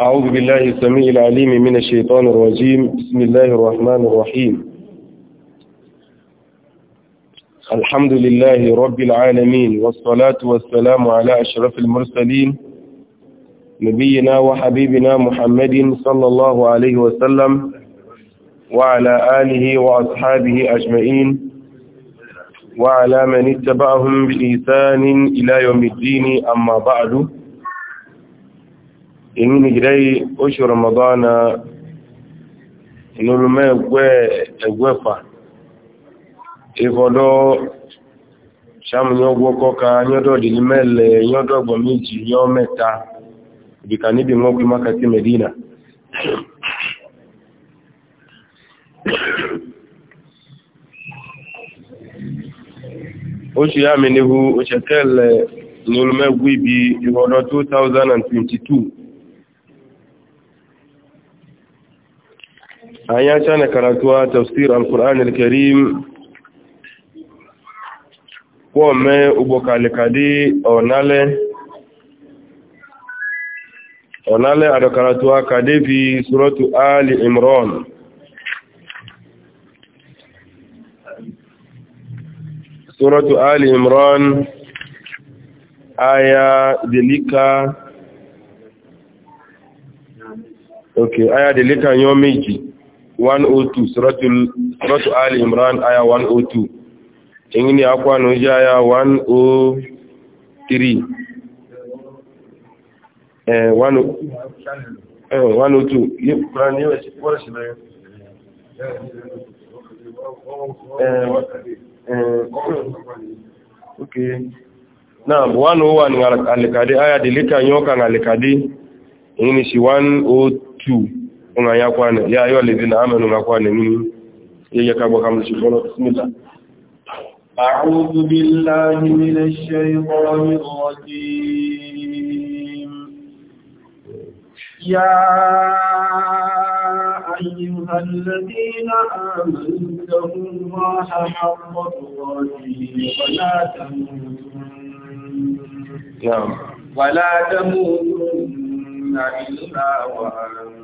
أعوذ بالله السميع العليم من الشيطان الرجيم بسم الله الرحمن الرحيم الحمد لله رب العالمين والصلاة والسلام على أشرف المرسلين نبينا وحبيبنا محمد صلى الله عليه وسلم وعلى آله وأصحابه أجمعين وعلى من اتبعهم بإحسان إلى يوم الدين أما بعد èyí ni gidẹ́ oṣù Ramadana ìnulùmẹ́ ẹgbẹ́ ẹgbẹ́fà ìfọ̀dọ́ sàmúyàn gbọ́kọ́ ka yọ́dọ̀ dìlí mẹ́lẹ̀ yọ́dọ̀ gbọ̀n méjì yọ́ mẹ́ta ìdìkà níbi wọ́n pín mákàtí Medina oṣù yá mi níhu oṣẹ̀kẹ́lẹ̀ ìnulùmẹ́ gbé ibi ìfọ̀dọ́ 2022 a ya cana karatuwa tafsir al-ƙur'an al-karim kuwa mai ugbo kalikadi onale onale a da karatuwa kadefi suratu ali imran suratu ali imran aya delika ok aya delika yomiji. 102 suratul suratu ali imran aya 102 ingini akwa nuji aya 103 eh 102 eh 102 ye quran ye wala shi eh eh okay naam 101 ngalikadi aya dilika nyoka ngalikadi ingini shi 102 unga ya kwani ya ayo alladhina amanu unga kwane mimi yeye kabwa kama shikolo bismillah a'udhu billahi minash shaitanir rajim ya أيها الذين آمنوا اتقوا الله حق تقاته ولا تموتن ولا تموتن إلا وأنتم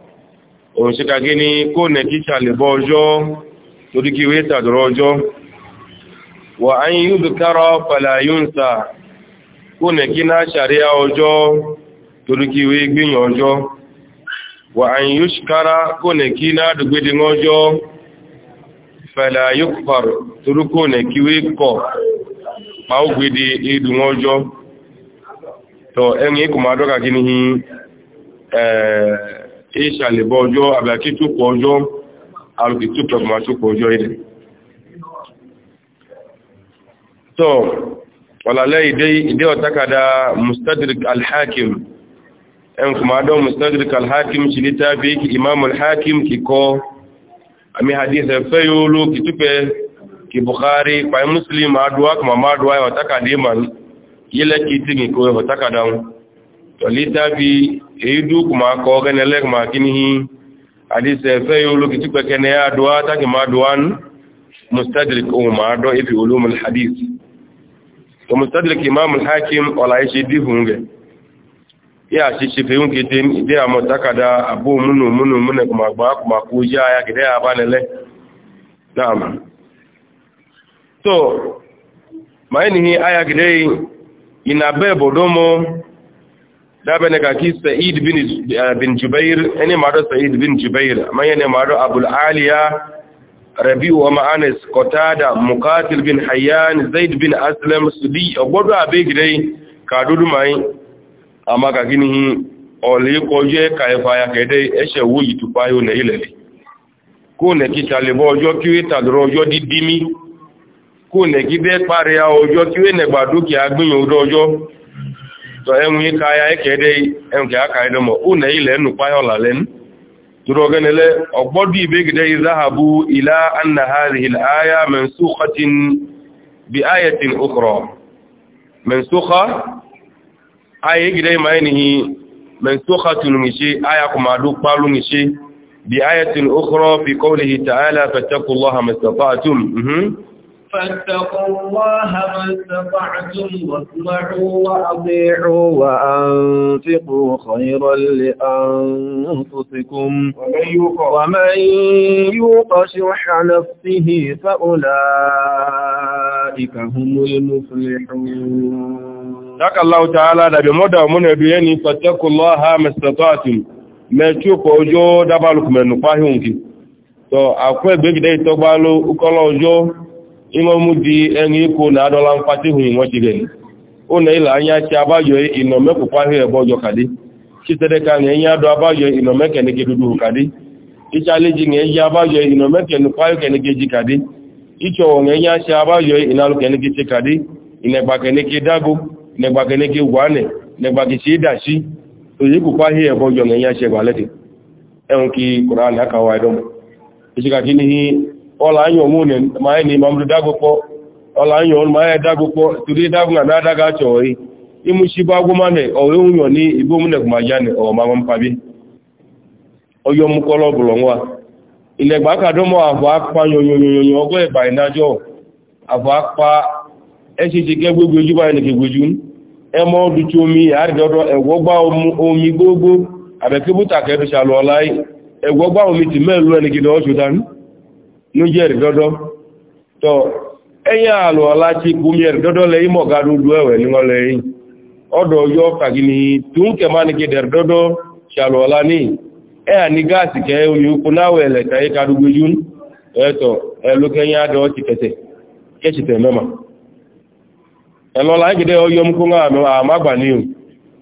òun ṣe kàgé ní kó nẹ̀ kí ṣàlẹ̀bọ́ ọjọ́ torí kí wé tàdọ̀rọ̀ ọjọ́ wà á yín yúdù kárọ̀ pàlà yúnsà kó nẹ̀ kí náà ṣàríyá ọjọ́ torí kí wé gbìyàn ọjọ́ wà á yín yúṣ kára kó nẹ̀ kí náà dùgbédé ọjọ́ pàlà yúkpàr torí kó nẹ̀ kí wé kọ̀ pàó ìdùn ọjọ́ tọ ẹ̀yìn kò máa dọ́kà kí ni ìṣàlẹ̀bọ̀ ọjọ́ àbàkí tó pọ̀ ọjọ́ àrùkì tó pẹ̀mà tó pọ̀ ọjọ́ ilẹ̀ tọ́ ọ̀làlẹ́ ìdé ọ̀tákàdá mustadrik alhakim ẹn kùmádọ́ mustadrik alhakim ṣe ní tàbí imam alhakim kíkọ́ àmì hadith ẹ̀fẹ́ yóò ló kìtúpẹ́ kì bukhari pàì muslim adúwá kùmàmá adúwá ọ̀tákàdé man yílẹ̀ kìtì nìkó ọ̀tákàdá wọn littafi edu kuma ka ogan elek ma kinihi hadisa fe yolo kiti peke ne adwa ta ki madwan mustadrik umma do ifi ulum al hadith to mustadrik imam al hakim wala ishi dihunge ya shi shi fe yunke tin ide amotaka da abu munu munu mune kuma gba kuma ku ya ya gide ya banele na'am to maini hi aya gide ina bebo domo dabene ka ki sa'id bin eh, bin jubair ene maro sa'id bin jubair amma ene maro abul aliya rabi'u wa ma'anis qatada muqatil bin hayyan zaid bin aslam sudi ogodo abe gidai ka dudu mai amma ka gini ole ko je ka ifa ya kede ese wo yi tupa yo ne ile ko ne ki tale bo ojo ki ta dro ojo didimi ko ne ki be pare ya ojo tọ enwe ka ya ekede enke aka idomo una ile nnukwa ya ọlalen tụrụ ogenele ọgbọdụ ibe gide zahabu ila anna hadhihi al-aya mansukhatin bi ayatin ukhra mansukha aya gide mainihi mansukhatun فاتقوا الله ما استطعتم واسمعوا وأطيعوا وأنفقوا خيرا لأنفسكم ومن يوق شح نفسه فأولئك هم المفلحون ذاك الله تعالى دبي مدى من أبيني فاتقوا الله ما استطعتم ما تشوف جو دبالك من نقاهونك تو أكوي بيك دي تقبالو أكل iṅomu dị enye ikwu na adọla mkpata ihu inwechighi ụna ile anya chi abayo inomekpụkwahi ebe ọjọ kadi chitere ka na enye adụ abayo inomekenike dudu kadi ịchala ji na eji abayo inomeken kwahi kenike ji kadi ịchọwo na enye achi abayo inalụ kenike chi kadi inegba kenike dago inegba kenike gwane inegba kichi ịdachi oyi kwukwahi ebe ọjọ na enye achi egbaleti enwuki kuran akawa idomo ichika kinihi ọla anya omune ma anyị na imamdu dagụkpọ ọla anya ọrụ ma anyị dagụkpọ tụrụ ịdagụ na na-adaga achọ oyi ịmụchibu agwụmane ohe unyo ni ibu omune gwumajani ọmama mpabi oyo mkpọrọ ọbụla nwa ilẹ̀gbà omi omi gbogbo omi ti ló jẹ́rìí dọ́dọ́ tọ́ ẹ̀yìn àlọ́ aláti kú mẹ́rì dọ́dọ́ lẹ́yìn mọ̀gáró ojú ẹ̀wẹ̀ ní wọ́n lẹ́yìn ọdọ̀ yọ kàgínì tún kẹmánigidẹ̀rì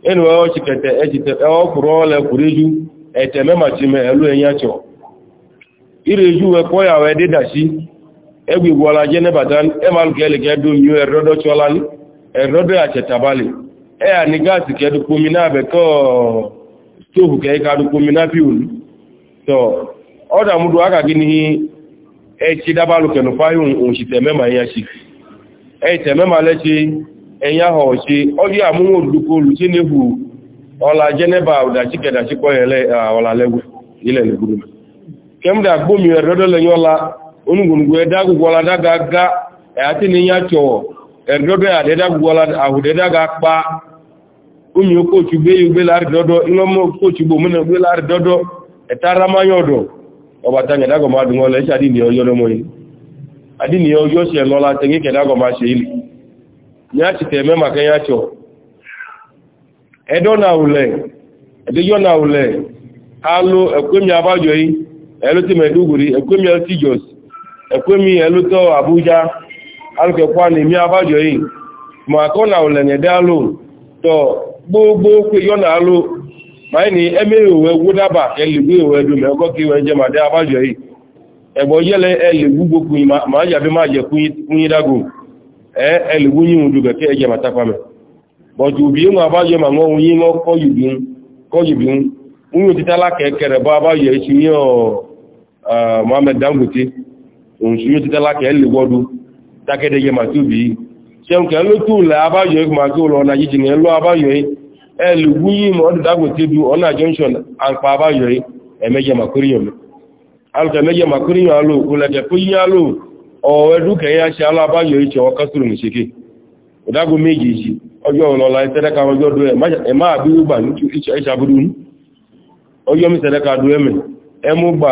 ẹnu ọ́ ṣìkẹ̀tẹ̀ ẹ̀ṣìkẹ̀tẹ̀ ọkùnrin ọlẹ́kùnrin jù ẹ̀tẹ̀ mẹ́màtí mẹ́ ẹlú ẹ̀yà tíọ̀ ireju we ko ya wee dedashi egbe gwala jenebadan emal gele gedu yu erodo cholan erodo ya chetabali e ya ni gas ke du kumina be ko ke ka e du kumina so oda mudu aka gini e chi dabalu ya chi e chi e chi jeneba kemda gbomi erdodole yola onungun gwe dagu gola daga ga e ati ni ya cho erdodo ya de dagu gola ahu de daga pa umi oko chube yu be lar dodo ino mo oko chubo mene be lar dodo etara ma yodo oba tanya dago ma dungo le isha adini yo yodo moyi adini yo yo se lola tengi ke dago ma se ili nya chite mema ke ya cho edo na ule edo yo na ule alu ekwemi abajo yi ẹlótí mẹ̀dúgùrí ẹ̀kwẹ́mí ẹlótí jos ẹ̀kwẹ́mí ẹlótọ́ àbújá alùkẹ̀kwá ní mi abájọ yìí na ọ̀lẹ̀nyẹ̀dẹ́ alò tọ́ gbogbo pé yọ́nà alò máa ní ẹmẹ́ ìwẹ̀ wódábà ẹlùgbé ìwẹ̀ dùn mẹ́kọ́ kí wọ́n jẹ́ màdé abájọ yìí ẹ̀gbọ́ yẹ́lẹ̀ ẹlùgbú gbogbo ń dùgẹ̀ ẹ títà lákẹ̀ẹ́kẹ̀rẹ̀ bá Eh, Mohammed Dangote òṣìṣẹ́ títẹ́ lákẹ́ lèwọ́dú tákẹ́dẹ́gẹ́ màtúbí ṣeun kẹ́ ló tó lẹ́ abáyọ̀ ìgbàgbé olọ́ ọ̀nà jíjìn ẹ̀ lọ abáyọ̀ ẹlùwúyìn mọ́dún Dangote du ọ̀nà junction àpá abáyọ̀ ẹ̀mẹ́jẹ màkúríyàn alùkẹ́mẹ́jẹ màkúríyàn ẹmú gbà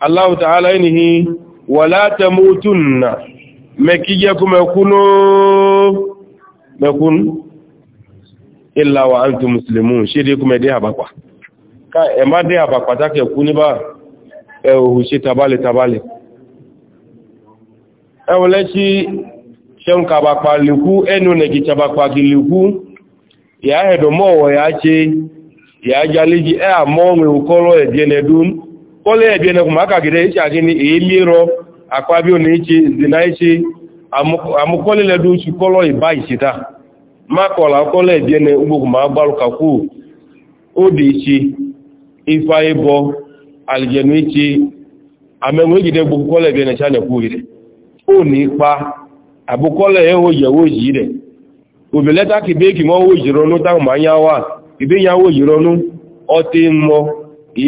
Allah ta'ala yanihi wala tamutunna mekije kumekuno mekun illa wa antum muslimun shiri kumede habakwa ka e ma de habakwa take kuni ba e o shi tabale tabale e wole shi shem ka ba pa liku enu ne ki chaba ki liku ya hedo mo ya che ya jaliji e amo nwe ukolo e dienedun kọ́lẹ̀ ẹ̀bí ẹnẹkùn máa kàgẹ̀rẹ̀ ìṣàṣẹ́ ni èémí rọ àpábí òní ṣe zina ṣe àmúkọ́lẹ̀lẹ́dún ṣe kọ́lọ̀ ìbá ìṣẹ́ta mákọ̀lá kọ́lẹ̀ ẹ̀bí ẹnẹ ugbókùn máa gbárùkàkú ó dè ṣe ifá ẹbọ àlìjẹ̀nú ṣe àmẹ́wọ̀n ìjìdẹ́ gbogbo kọ́lẹ̀ ẹ̀bí ẹnẹ ṣàlẹ̀kú rẹ̀ ó ní pa àbúkọ́lẹ̀ ẹ̀hó yẹ̀wó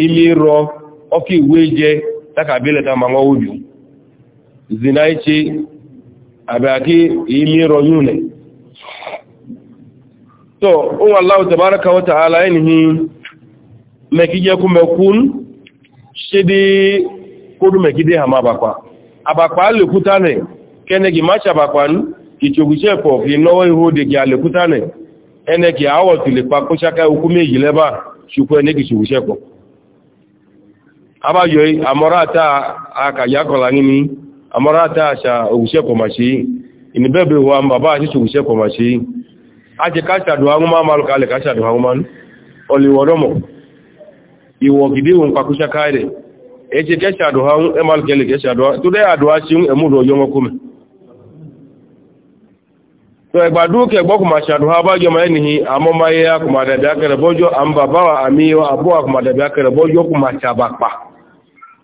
yìí ọkà ìwé jẹ takàbílẹ̀ ta máa wọ́wọ́ jù zina iche àbẹ̀kí ìmí rọyún nẹ̀ tó ohun aláwọ̀ tàbárakà wata aláìní mẹ́kíjẹ́ kú mẹ́kún ṣe dé kódú mẹ́kídé hàmà àbàkwà àbàkwà alèkúta nẹ̀ kẹ́nẹ̀gì máṣe àbàkwà ní ìṣògùṣẹ́ pọ̀ fi náwọ́ ihò dèkì alèkúta nẹ̀ ẹnẹ́kì àwọ̀ tìlẹ̀pá kó ṣáká ikú méjì lẹ́bà ṣùkú ẹnẹ́kì ìṣògùṣẹ́ pọ̀ abayo amorata akayakola nini amorata sha ogushe komashi inibebe wa baba shi ogushe komashi aje kasha duwa nguma malu kale kasha duwa nguma oli woromo iwo gidi un pakusha kaire eje kasha duwa emal kele today aduwa shi emu kume to egba duke gbo kuma sha duwa ba yo ma enihi amomaye akuma wa ami abu akuma da bi akere bojo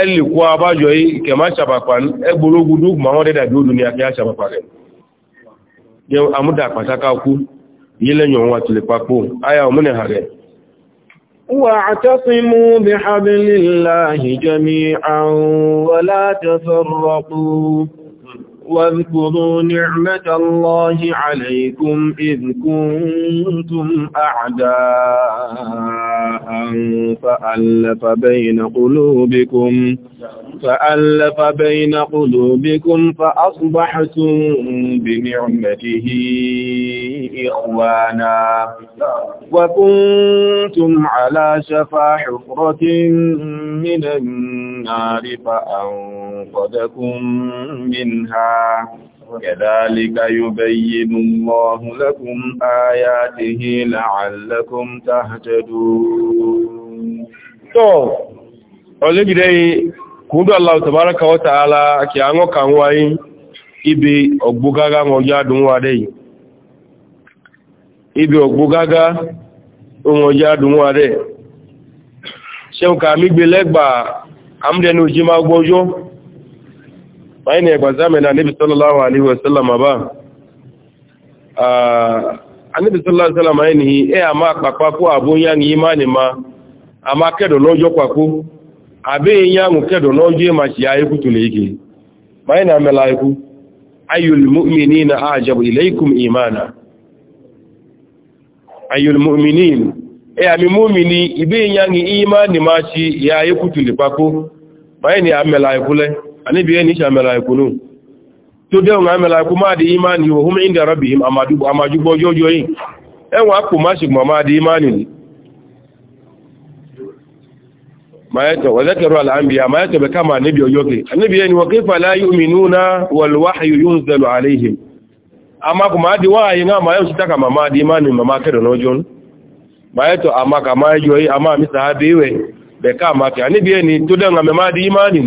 ẹlì kó abájọ yìí kẹmà ṣàpàpà ẹgbòrógún dúkù máa wọ́n dẹ́dà bí ó dùn ní àti àṣàpàpà rẹ̀ yẹ àmúdà pàtàkà kú yí lẹ́yìn òun àti lè papò ayà òmìnà rẹ̀ واعتصموا بحبل الله جميعا ولا تفرقوا واذكروا نعمة الله عليكم إذ كنتم أعداء فألف بين قلوبكم فألف بين قلوبكم فأصبحتم بنعمته إخوانا وكنتم على شفا حفرة من النار فأنقذكم منها كذلك يبين الله لكم آياته لعلكم تهتدون تو olegi dai kudu Allah tabaraka wa ta'ala ibi ogbugaga jadun wa ibi ogbugaga jadun wa ka mi gbe legba ji ma gbojo baina ya ẹgbà na níbi sallallahu alaihi wasallam ba bá ah, anábi sallallahu alaihi wasallam ẹni e eh, ama máa pàpákó abunya ni imani ma a máa kẹ́dọ̀ lọ́jọ́ pàpó àbẹ́yìnyàn kẹ́dọ̀ lọ́jọ́ ma ṣe ayékú tó léèké báyìí na mẹ́lá ayékú ayyul mu'minina ajabu ilaykum imana ayul mu'minin e ami mu'mini ibe ìmá ni ma shi ṣe ayékú kwa ku báyìí ni àmẹ́lá ikú lẹ́ àníbi ẹni ṣe àmẹ́lá ikú nù tó dẹ́hùn àmẹ́lá ikú máa di imani ohun inda rabbi àmàjúgbọ́ yóò yìí ẹwọ̀n àpò má ṣùgbọ́n máa di imani ni wàzẹ́kẹ̀rọ al'ambiya ma yẹ́ tẹ̀bẹ̀ kama níbi ọjọ́kẹ̀ níbi ẹni wọ́n kífà láyé òmìnú na wàlúwáhayù yóò ń zẹ̀lọ̀ àríhìm a maka imani ma ma kẹ́rẹ̀ lọ́jọ́ ma yẹ́ tọ́ bẹ̀ká àmàkì àníbi ẹni tó dẹ̀ngà mẹ́má di ìmáàdì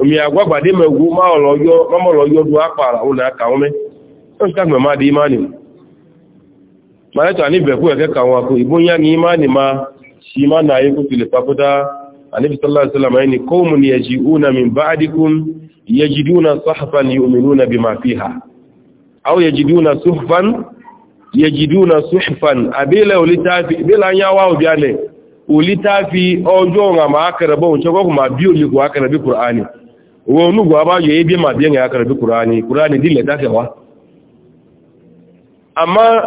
omi àgbàgbàdé mẹ́gbó mámọ̀lọ́yọ́ du àpàrà òun náà kàwọn mẹ́ tó ń sàgbẹ̀má di ìmáàdì màlẹ́tọ̀ àníbẹ̀kú ẹ̀kẹ́ kàwọn àkó ìbóyá ní ìmáàdì ma ṣì má náà yẹ kó tilẹ̀ papọ́dá àníbi sọ́lá ẹni kóòmù ni ẹ̀jì úna mi bá adíkún yẹjìdúna sọ́hàfán yóòmìnúna bí máa fi hà áwọ̀ yẹjìdúna sọ́hàfán yẹjìdúna sọ́hàfán àbílẹ̀ olítàfi ulitafi ojo nga ma akaraba on chago kuma biyo li ko akarabi qur'ani wo nu go ba ye bi ma bi nga akarabi qur'ani qur'ani dille take wa amma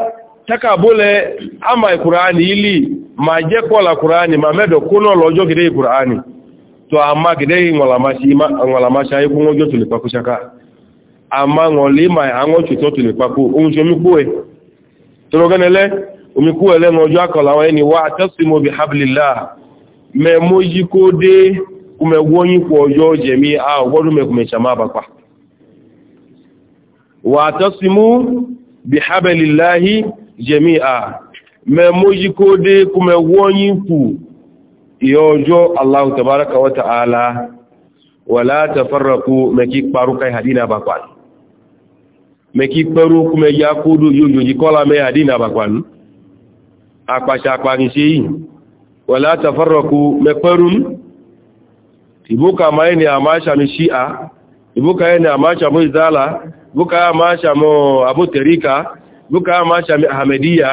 taka bole ama qur'ani ili ma la qur'ani ma medo kuno lojo gide qur'ani to amma gide ngola ma shi ma ngola ma shi ko ngojo tuli ma ango chuto tuli pa ku unjo omiku ẹlẹ́nu ọjọ́ akọ̀lá wọn ẹni wá tẹ́sìmọ̀ bí hablilá mẹ́mọ́ yí kó dé kúmẹ̀wọ́yìn pọ̀ ọjọ́ jẹ̀mí a ọgbọ́dún mẹ́kùnmẹ̀ ṣàmá àbàpá wà tẹ́sìmọ̀ bí hablilá hí jẹ̀mí a mẹ́mọ́ yí kó dé kúmẹ̀wọ́yìn pù ìyọ ọjọ́ aláhù tàbárakà wata ààlá wà látàfàrakù mẹ́kí parúkà ìhàdínà àbàpá mẹ́kí pẹ́rú kúmẹ̀ apàṣà apàṣẹ yìí wà látàfàrọ̀kú mẹ́pẹ́rún ìbúkà máa ní àmáṣà mi ṣíà ìbúkà ní àmáṣà mú ìzálà ìbúkà àmáṣà mú àbútẹ̀ríkà ìbúkà àmáṣà mi àhàmẹ́díyà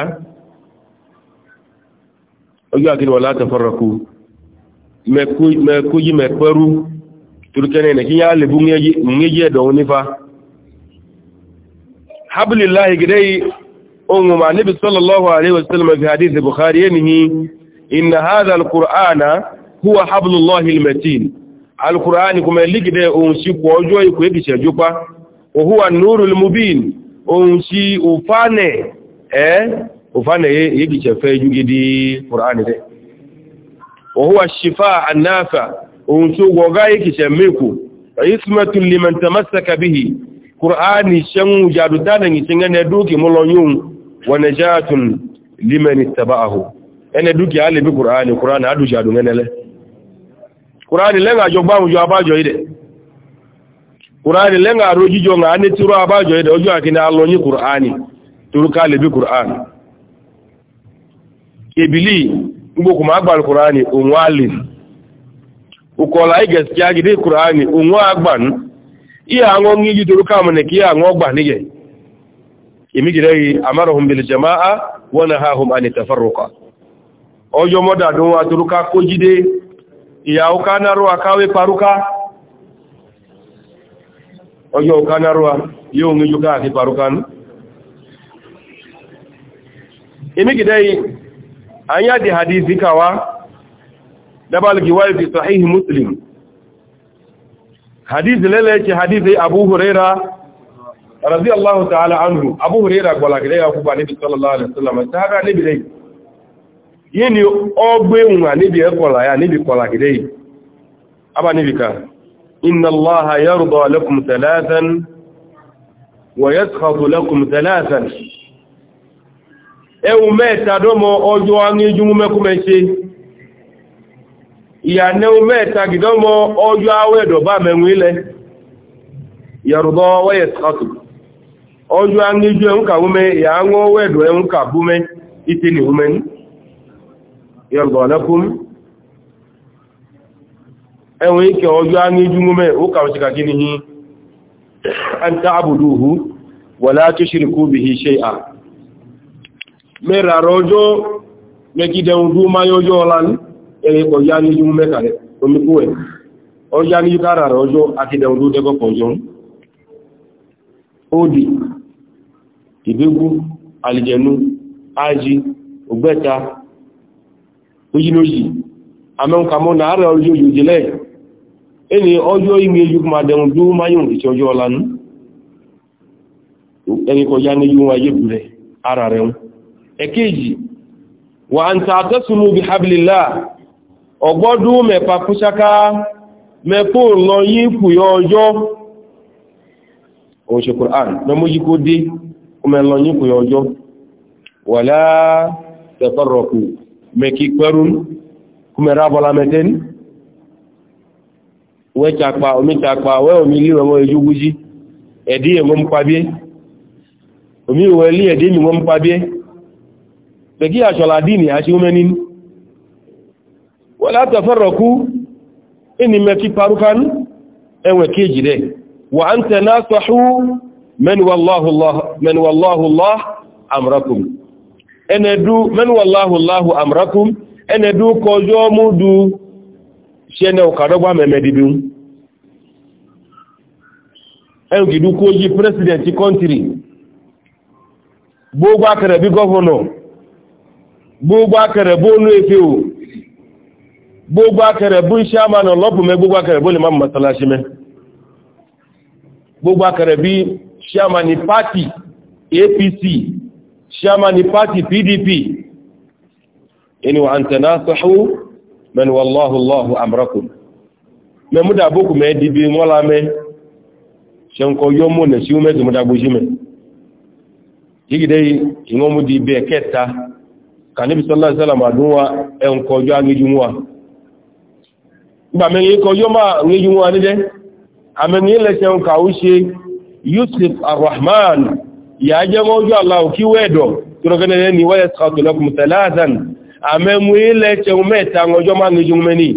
ojú àkiri wà látàfàrọ̀kú mẹ́kú yí mẹ́pẹ́rú turkẹ́nẹ̀ nìkíyà lè bú ń ohun ma níbi sallallahu alaihi wasallam fi hadith bukhari yanihi inna hadha alqur'ana huwa hablullahi almatin alqur'ani kuma ligide ohun si ko ọjọ́ iko egi sejupa wa huwa nurul mubin ohun si ufane eh ufane egi se fe jugidi qur'ani de wa huwa shifa annafa ohun so goga egi se meku ismatun liman tamassaka bihi qur'ani shan jadu dadan yin ngane doki mulon yun wa najatun liman ittaba'ahu ene duki ale bi qur'ani qur'ani adu jadu ngenele qur'ani lenga jo gbamu jo abajo ide qur'ani lenga roji jo nga ani tiro abajo ide ojo akina allo ni qur'ani turuka le bi qur'ani ebili ngboku ma gba qur'ani onwali ukola igeskiya gidi qur'ani onwa agban iya anwo ngi ji turuka mo ne ki anwo gba imigirari amarahun bil jama'a wani hahun a nitafarruka ọjọ́ mọ́dàdún wa turuka kó jíde ìyàwó kánarwa káwé paruka ọjọ́ kánarwa yóò ní jùká àti paruka nù imigirari an yáde hadithi kawa dabalgi wáyé fi sahihi muslim hadith lẹ́lẹ́ ce hadithi abu huraira radiyallahu ta'ala anhu abu huraira gbalagide ya kuba nabi sallallahu alaihi wasallam sahaba nabi dai yini ogbe unwa nabi e kola ya nabi kolagide aba nabi ka inna allaha yarda lakum thalathan wa yaskhadu lakum thalathan ewu mẹ́ta domo ojo ani jumu meku mense iya ne mẹ́ta gidomo ojo awe do ba menwile yarda wa yaskhadu ọjọ́ aníjú ẹ̀húnkà wúmé ìyàwó wẹ́dọ̀ ẹ̀húnkà búmé ìtì ní wúmé ní yọ̀gbọ̀lẹ́kún ẹ̀wọ̀n ikẹ̀ ọjọ́ aníjú wúmé ó kàwọ́ sí kàkí ní an ta abuduhu wà látó ṣirikú i ṣe à mẹ́ràrọ̀ ọjọ́ ó di ìgbégú alìjẹ̀nú ájí ògbẹ́ta ojúlójì amẹ́kàmọ́ na ààrẹ ọjọ́ òjòjìlẹ̀ ẹni ọjọ́ ime ejú ma dẹ̀rùn dúró máyùn ìtì ọjọ́ ọlanú ẹni kọjá ní yíò wáyé bùrẹ̀ ara rẹ̀ ẹ̀kẹ́jì wà ń ta àtẹ́sùnmù bí hablilá ọgbọ́dú mẹ́pa lọ yí ọjọ́ mẹ́lọ yí kò yọjọ́ wàlá tẹ̀fọ́rọ̀kù mẹ́kí pẹ́rún kúmẹ̀rá bọ́lá mẹ́tẹ́ni wẹ́chàpá omíchàpá wẹ́ omi lé ọmọ ẹjú gújí ẹ̀dí ẹ̀mọ́ mpabíé omi ìwọ̀ ilé ẹ̀dí mi wọ́n mpabíé pẹ̀kí àṣọlá dínì àṣí omẹ́ni wàlá tẹ̀fọ́rọ̀kù ẹni mẹ́kí parúkánú ẹwẹ̀ kéjì rẹ̀ wà ń tẹ̀ من والله الله من والله الله امركم ان دو من والله الله امركم ان دو كوجو مودو شنو كادغوا ممديبو en gidu koji president country gbogbo gbogbo o gbogbo akẹrẹ bó iṣẹ́ àmàna gbogbo akẹrẹ bó lè má chairman party apc chairman party pdp in wa an tanasahu man wallahu allahu amrakum me muda boku me di bi mola me shen ko yomo ne si ume muda buji me di be keta kanibi sallallahu alaihi wasallam aduwa en ko jo me ko yo ma ngi jumuwa ni de ameni le shen yusuf arrahman ìyá jẹ́ mọ́ ojú aláwọ̀ kí wẹ́ẹ̀dọ̀ tó rọ́gẹ́nẹ̀ẹ́ ni wáyé sàtọ̀lọ́kùn tẹ̀láàdàn àmẹ́mú ilẹ̀ tẹun mẹ́ta ọjọ́ máa nìjú mẹ́ni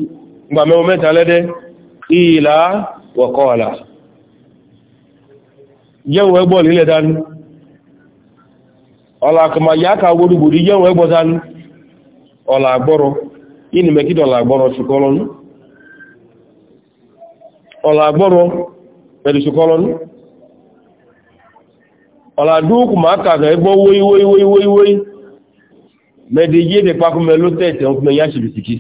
gbà mẹ́mú mẹ́ta lẹ́dẹ́ ìlà wọ̀kọ́ọ̀lá jẹ́un ẹgbọ́ nílẹ̀ dánú ọ̀là àkàmà ọ̀làdúkù máa kàkà ẹgbọ́ wóíwóíwóíwóí mẹ́dẹ̀ yé ní pákúnmẹ́ ló tẹ̀tẹ̀ ń pẹ́ yá ṣe bìtìkì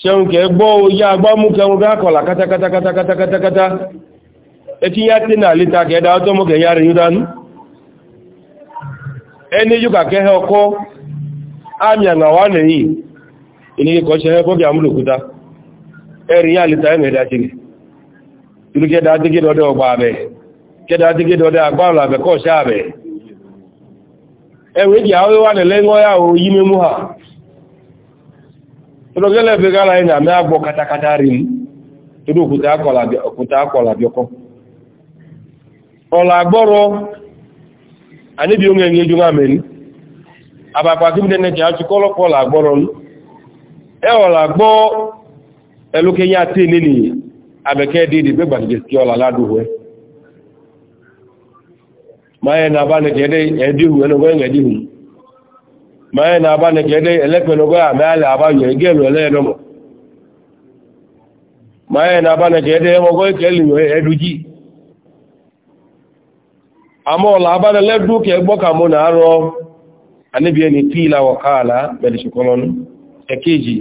ṣẹun kẹgbọ́ oyá agbámú kẹun gákọ̀lá kátàkátàkátàkátàkátà ẹkí yá tí náà lítà kẹ́dà ọtọ́mọ kẹyà rẹ̀ yúdánú ẹni yóò kàkẹ́ ọkọ́ àmì àgbàwà nìyí ìníkẹ́kọ̀ọ́ ṣe ẹkọ́ bí àmúlòkúta ẹ̀rìn yá lítà ẹ̀mẹ̀dà ṣe rẹ̀ ìlú kẹ́dà dígídọ̀ ọdẹ ọgbà abẹ kẹ́dà dígídọ̀ ọdẹ agbáàlù àbẹ̀kọ́ ṣẹ́ abẹ ẹwẹ́ jì àwọn wà nílẹ̀ ńgọ́yà ò yí mímú ha ìlọ́gẹ́lẹ̀ fi gára ẹ̀yìn àmì àgbọ̀ katakata rí mú torí òkúta akọ̀làbíọ́kọ́ ọ̀là àgbọ́rọ̀ àníbi ohun ẹ̀yìn ejú àmì ní ẹ̀ ọ̀là àgbọ́ ẹlókẹ́yìn àti ameke didi pe gbàdìjẹ sí ọlà ládùúwẹ máa yẹn nàbá ní kẹdẹ ẹdíhù ẹnugọ yẹn ẹdíhù máa yẹn nàbá ní kẹdẹ ẹlẹpẹnugọ àmì alẹ àbáyọ ẹgẹrù ẹlẹẹdọmọ máa yẹn nàbá ní kẹdẹ ẹmọgọ ìkẹlì ẹdùjì àmọ ọlà abáni lẹdùkẹ gbọkàmú nàárọ anibi ẹni tí ìlà wọkàlà bẹẹdì ṣùkọlọnù ekeji.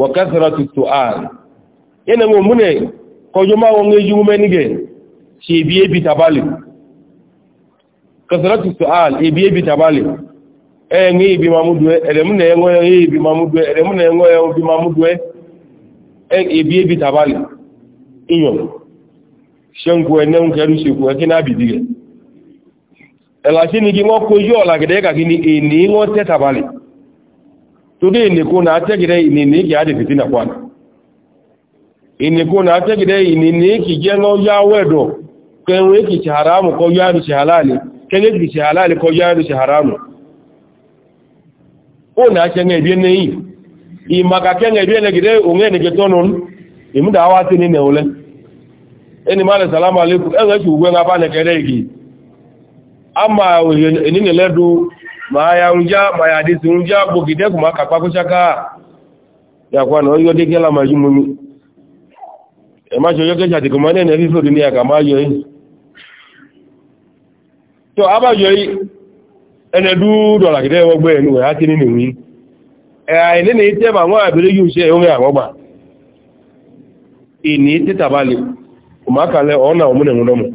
wọkẹsìrọ tuntun ààrẹ yana ngo mune ko juma wo ngi jume ni ge ci tabali kasratu su'al e biye bi tabali e ngi bi mamudu e mune ngo e bi mamudu e mune ngo e bi mamudu e e biye bi tabali iyo ene ngi e kina bi dige chini ngo ko yo la ka kini e ni iniko na ategide ini ni je no ya wedo kenwe kije haramu ko ya ru halali kenwe kije halali ko ya ru haramu ona chenge bi ne yi imaka kenge bi ne gide unge ne getonun imuda awati ni ne ole eni male salamu alaikum ga ti ugwe ngaba ne kere igi ama eni ne ledu ma ya unja ma ya disunja bogide kuma kakwa kushaka ya kwa no yo de ma majumu ẹ̀má ṣe ọjọ́ kẹjà tìkọ̀ mọ́ ní ẹ̀nà fífò ní àkà máa yọ yìí tó abájọ yìí ẹnẹ dúdọ̀ làkìdẹ́ ọgbẹ́ ẹnu ẹ̀ áti nínú yìí ẹ̀ẹ́nì ní tẹ́bà wọ́n àbẹ̀rẹ̀ yìí ṣe ẹ̀hún àwọn ọgbà ìní títàbálẹ̀ òmákàlẹ̀ ọ̀nà òmúnẹ̀múnọ́mù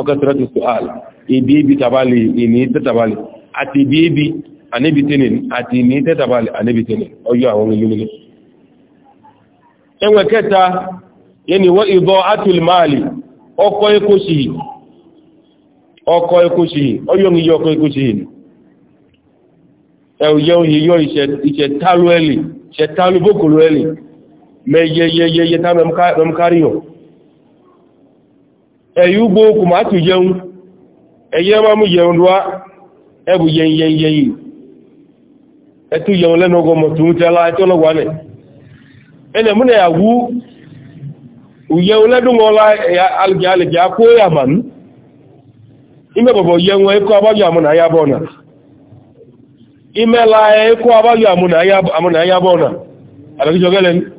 ọkẹtẹrẹ ti sọ àlà ibi ibi tàbálẹ̀ ìní títàbálẹ̀ àti ibi ibi àníbi tẹ́nì àti ìní títàbálẹ̀ àníbi tẹ́nì ọyọ́ àwọn ilé nílé ẹwẹ̀ kẹta yẹniwọ́ ìbọ̀ atulmali ọkọ ekosi ọkọ̀ i ọyọ́ngi yọ ọkọ̀ ekosi ẹ̀yẹ oyin yọ ìṣẹ̀tálú ẹ̀lì ṣẹ̀tálú bókòló ẹ̀lì mẹ́yẹyẹyẹ tá mẹ́mkárí yọ ẹ̀yú gbóòkù máa tù jẹun máa mú yẹnyẹnyẹyìn tó ń ene mune ya wu uye uledu ngola ya algi algi ya ko ya man ime bobo ye nwe ko abajo amuna ya bona ime la e ko abajo amuna ya amuna ya bona alagi jogelen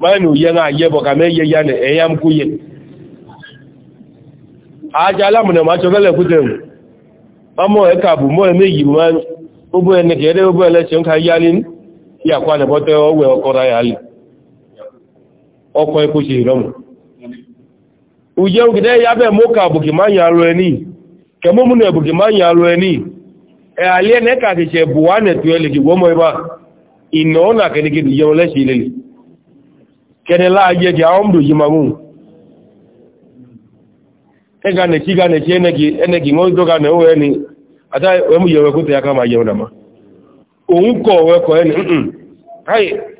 ma nu ye na ye bo kame ye e ya ne e yam ye aja la mune ma jogele ku de amo e ka bu mo e meyi ma gbogbo ẹnìkẹ̀ẹ́dẹ́ gbogbo ẹlẹ́ṣẹ̀ ń ka yálé ní ìyàkọ́ àdẹ̀bọ́tẹ́ ọwọ́ ọkọ̀ra yálé ọkọ̀ epo ṣe ìrọ̀mù uje ugide ya be moka bugi manya aro eni kemo munu bugi manya aro eni e alie ti se buwane tu ele ki womo iba la ye ja omdu jimamu e ga ne ki ga ene ki ene ki ata we mu yewe ku ma yewe na eni hai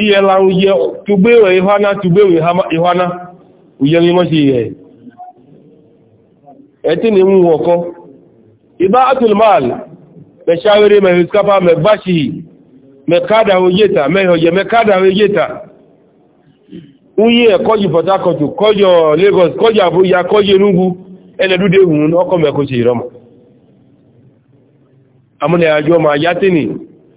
iyela uye tubewe ihana tubewe ihana uyeli mo siye etini mu oko ibaatul mal meshawiri mehiskapa mebashi mekada ojeta mehoje mekada ojeta uye koji Port Harcourt kojo Lagos kojo Abuja kojo Enugu eledude hun oko meko se iromo amune ajo ma yatini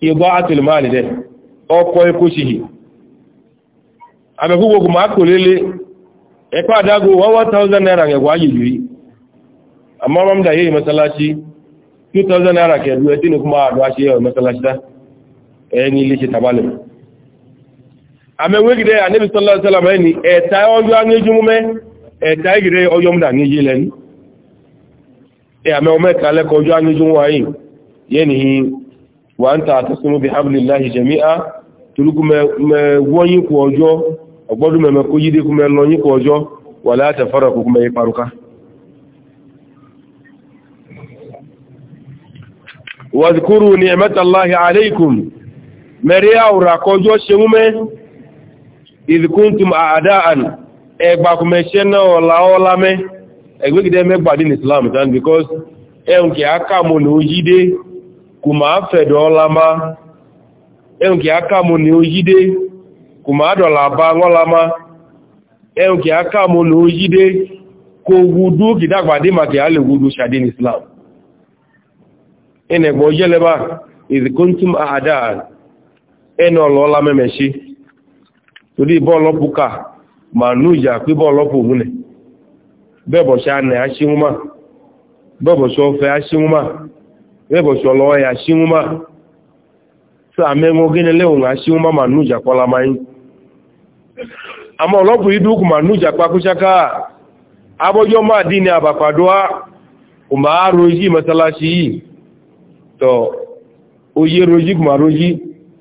idaatul mali de ọkọ ekochighi abekugwogu ma akolele ekpe adago 1000 naira ngegwa ayijiri amara m da ihe masalachi 2000 naira ka edu etinu kuma adu ashi ya masalachi ta ee ni ile tabale amewegide ni eta oyo anyeju e amewome kale ko oyo anyeju wa yi yenihi wà ń ta àtọ́sínú bí hablillahi jami'a torúkú mẹ́wọ́yìn kú ọjọ́ ọgbọ́dún mẹ́mẹ́ kó yídé kú mẹ́lọyìn kú ọjọ́ wà láti fara kú mẹ́yí paruka wàzikúrú ni ẹ̀mẹ́tàláhì aleikum mẹ́rí àwòrà kọjọ́ ṣe múmẹ́ ìdíkúntùm àdáàn ẹgbàkùnmẹ́ṣẹ́ náà láọ́lámẹ́ ẹgbẹ́gidẹ́ mẹ́gbàdín Islam tán because ẹ̀hùn kìí kuma fedolama enke aka mụ na ojide kuma adọla ba ṅụlama enke aka mụ na ojide ka ogwudu gidagbadi maka ya legwudu shadin islam ina gbo jeleba izikuntum aada ena torí bọ́ọ̀lọ́pù ka ma wẹ́bọ̀ sọ̀lọ́ ẹ̀ àṣíwúmá tí a mẹ́rin ogéni lẹ́wọ̀n àṣíwúmá ma nù ìjàpá lamáyín àmọ́ ọlọ́pù ìdúkù ma nù ìjàpá kúṣáká abọ́jọ́ máa dí ní àbàpàdọ́á kò máa rojí mẹ́sàlásí yìí tọ́ oyé rojí kò máa rojí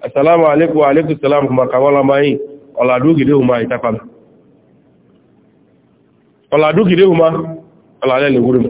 assalamu alaikum alaikum salam kò máa kàwọ́ lamáyín ọ̀làdúgìdé hùmá ìtàpàmì ọ̀làdúgìdé hùmá ọ̀làlẹ́ lè gúrùmù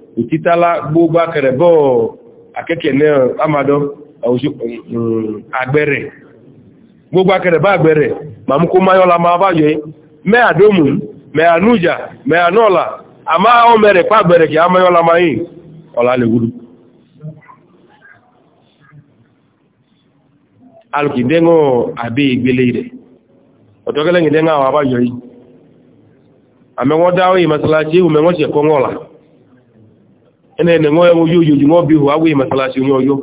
ìtítálá gbogbo akẹrẹ bọ́ akẹ́kẹ̀ẹ́ náà amadọ́ àgbẹ̀rẹ̀ mm, gbogbo akẹrẹ bá àgbẹ̀rẹ̀ màmú kó máyọ́lá máa bá yẹ mẹ́ àdómù mẹ́ ànújà mẹ́ ànọ́ọ̀là àmá ọmọ rẹ̀ pa àgbẹ̀rẹ̀ kì á máyọ́lá máa yìí ọ̀là lè wúlú alùkìdẹ́ngọ̀ àbí ìgbélé rẹ̀ ọ̀tọ́kẹ́lẹ́ngìdẹ́ngọ̀ àwọn àbáyọ̀ yìí àmẹ́wọ́n dáwọ́ ìmọ̀sálásí ìwòmẹ́wọ́n ene ne ngo yo yo yo bi wa we masala shi yo yo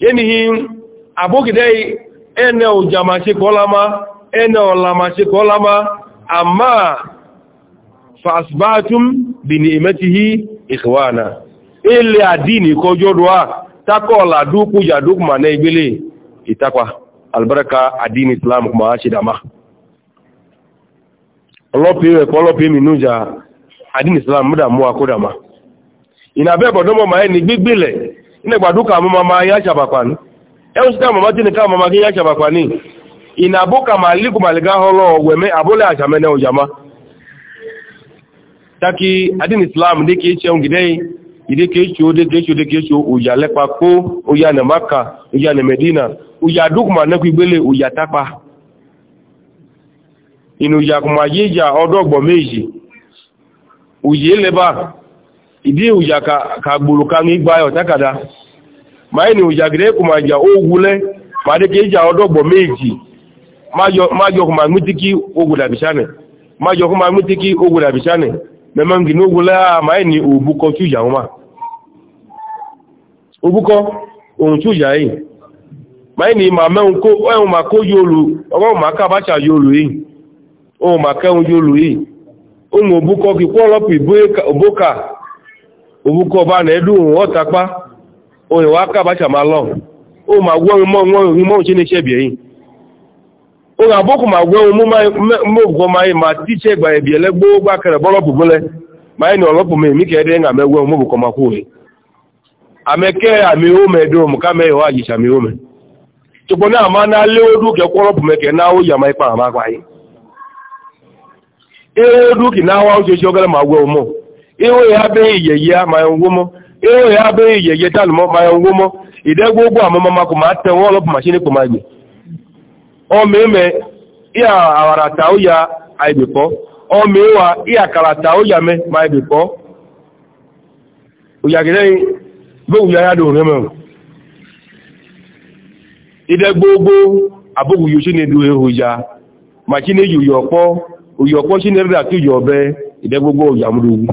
yeni hi aboki dai ene o jama shi kolama ene o lama shi kolama amma fa asbatum bi ni'matihi ikhwana ile adini ko jodwa takola duku ya dukuma adini islam kuma shi da ma ọlọ́pẹ́ ẹ̀kọ́ ọlọ́pẹ́ mi nújà àdínìsílámù múdàmú akódàmá ina be ma mo mai ni gbigbile ina gbaduka mo mama ya shabakwani e o sita mama tini ka mama ya shabakwani ina boka maliku maliga holo weme abole ajamene ojama taki adin islam de ke che ngidei ide ke chu de ke chu de uya lepa ko uya na maka uya na medina uya dukuma na gbigbile uya tapa inu ya kuma ìdí ụja ka gburu ka ṅụ ya ọchakada ma anyị na ụja gịrị ekwu ma ja ogwule ma dị ka iji ọdọgbọ meji majọkụ ma ṅụtiki ogwudabishani majọkụ ma ṅụtiki ogwudabishani meme m gị na ogwule ma ohun yìí ma mẹ́hun kó ẹ̀hun ma kó yóòlù ma yóòlù yìí ohun ma kẹ́hun yóòlù yìí ohun òwúkọ ọba na ẹdùn ọ̀tapá òyìnwá kábàṣà máa lọ ó ma wọ́rin mọ́ wọ́rin mọ́ ṣe ní ẹ̀yìn ó rà bókù ma wọ́rin mọ́ máa ma tíṣẹ́ ìgbà ẹ̀bì ẹlẹ́gbó gbá kẹrẹ bọ́lọ́pù múlẹ̀ máa ní ọlọ́pù mi mí kẹ́ẹ̀dẹ́ ń àmẹ́ wọ́rin mọ́bùkọ́ ma kú rẹ̀ àmẹ́kẹ́ àmì òmẹ ẹ̀dùn kámẹ́ ìwà àyíṣà mi òmẹ tòpọ̀ náà máa ná lé ó dúkẹ́ kọ́lọ́pù mẹ́kẹ́ náà ó iwe ya abịaghị yeye ya ma ya ngwomo iwe ya abịaghị yeye talụmọ ma ya ngwomo idegwa ụgwọ amụma makụ ma ate nwa ọlọpụ machin kpọ ma gbe ọmeme ịa awara ta ụya aibikpọ ya ịa kara ta ụya me ma aibikpọ ụyagide be ụya ya dị ome mewe idegwa ụgbọ abụghị uyo chi na-edu ehu ya ma chi na-eyi uyo ọkpọ uyo ọkpọ chi na-ere atụ uyo ọbe idegwa ụgbọ ụya mụrụ ugwu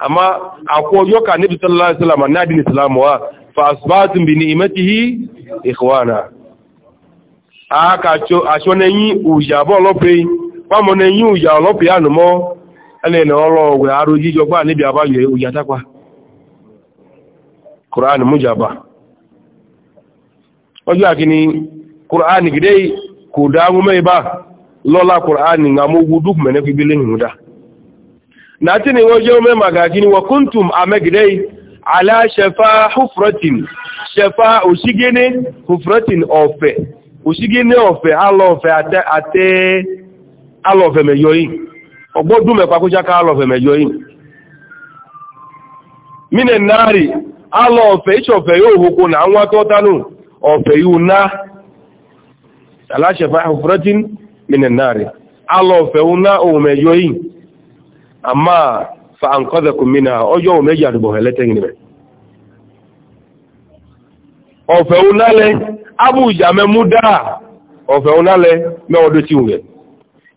amma akwai yoka nabi sallallahu alaihi wasallam na din islam wa fa asbatum bi ni'matihi ikhwana aka cho aso na yin uja bo lope na yin uja lope anu mo ele le oro we aro jijo gba nabi abaye uja takwa qur'an mujaba akini na atịnịghị onye ome maka gịnị wokuntum amegidei ala shefa hufrotin shefa osigini hufrotin ofe osigini ofe alọfe ate alọfe meyoyi ọgbọdún mẹ́kwàkújá ká alọfe meyoyi mine nari alọfe ofe yóò hukú na nwa tọ́tánù ofe iwu na ala shefa hufrotin mine nari ofe una ohun meyoyi amma fa an kọ́dẹ̀ kò mìnà ọjọ́ òun méjì àdúgbò ẹlẹ́tẹ̀yìn rẹ̀ ọ̀fẹ́ onálẹ́ abújà mẹ́mú dáa ọ̀fẹ́ onálẹ́ mẹ́wọ́dọ́ tí wùrẹ̀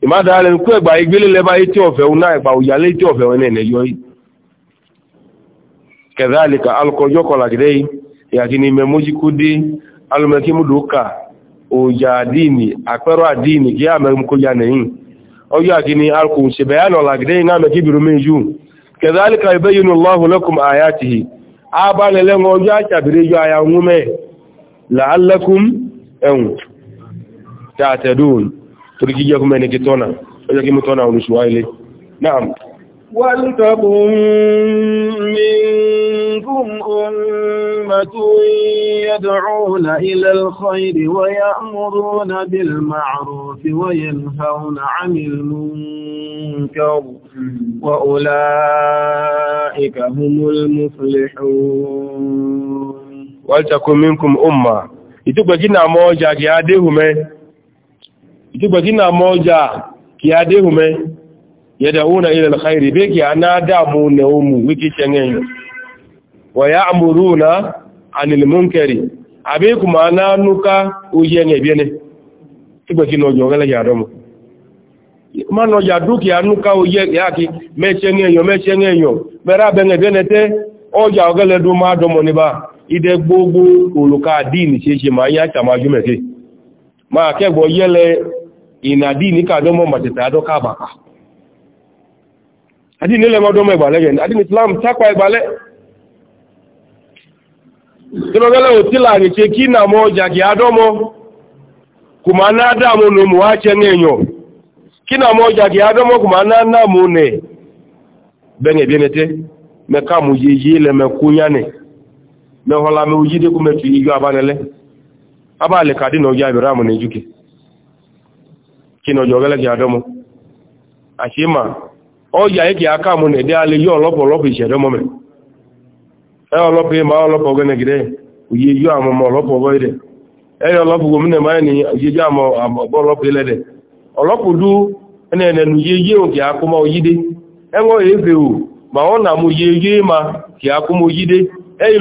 ìmáda rẹ̀ kú ẹgbà igbélé lẹ́bàá tí ọ̀fẹ́ oná ẹgbà òyàlé tí ọ̀fẹ́ oná ẹ̀nẹ̀ yọ yìí kẹ̀dá àlìkà alùkọjọ́ kọlà kìdẹ́ yìí ìyàkí ni mẹ́mójí kú dé alùmẹ́kí múdùú kà òjà àdínì àpẹ́rọ àdínì kí àmẹ́mú kó ya nẹ̀yìn ọjọ́ àti ni alkù ṣe bayan ọ̀làgídẹ́ iná mẹ́kí bìrù méjú kẹzálìkà ìbẹ́yìn lọ́hùn lọ́kùn àyàtì abánilẹ́wọ̀n ọjọ́ àṣàbìrẹ́ yọ àyà ńwúmẹ́ làálẹ́kùn ẹ̀hùn tààtẹ̀dùn torí jẹ́ kúmẹ́ ní kí tọ́nà ọjọ́ kí mú tọ́nà olùsùwá ilé náà wọ́n tọ́kùn mí منكم أمة يدعون إلى الخير ويأمرون بالمعروف وينهون عن المنكر وأولئك هم المفلحون ولتكن منكم أمة ìtúgbẹ̀jínà mọ́ọjà kí a déhùmẹ́ ìtúgbẹ̀jínà mọ́ọjà kí a déhùmẹ́ yẹ̀dẹ̀wó na ilẹ̀ alkhairi bí kí a náà dáàmú nẹ̀wó mú wíkí ṣẹ́ngẹ̀yàn wa ya'muruna 'anil munkari abi kuma na nuka uye ne biene tigbe kino jo gele ya domo ma no ya duki anuka uye yaki meche nge yo meche nge yo mera benge biene te oja ogele du ma domo ni ba ide gbogbo oluka din se se ma ya ta ma jumete ma ke kegbo yele inadi ni ka domo ma tete adoka baba adini le mo domo igbalege adini islam takwa igbalege tinogala otilani che kina moja giadomo kumana adamu numuwache ngenyo kina moja giadomo kumana namune benge bienete mekamu jijile mekunyane mehola meujide kumetu iyo abanele abale kadino ujabiramu nejuke kino jogala giadomo ashima oja eki akamu nede ale yo lopo lopo ishe domo me ọlọ́pọ̀ yẹn máa ọlọ́pọ̀ ọgọ́nà gidẹ́ òye yọ àwọn ọmọ ọlọ́pọ̀ ọgọ́ ìdẹ̀ ẹ̀yẹ gómìnà máa ní òye yọ àwọn ọmọ ọlọ́pọ̀ ìlẹ́dẹ̀ ọlọ́pọ̀ dú ẹni ẹ̀nẹ̀nu yẹ yé òkè akọmọ oyide o mà nà yẹ ma kì akọmọ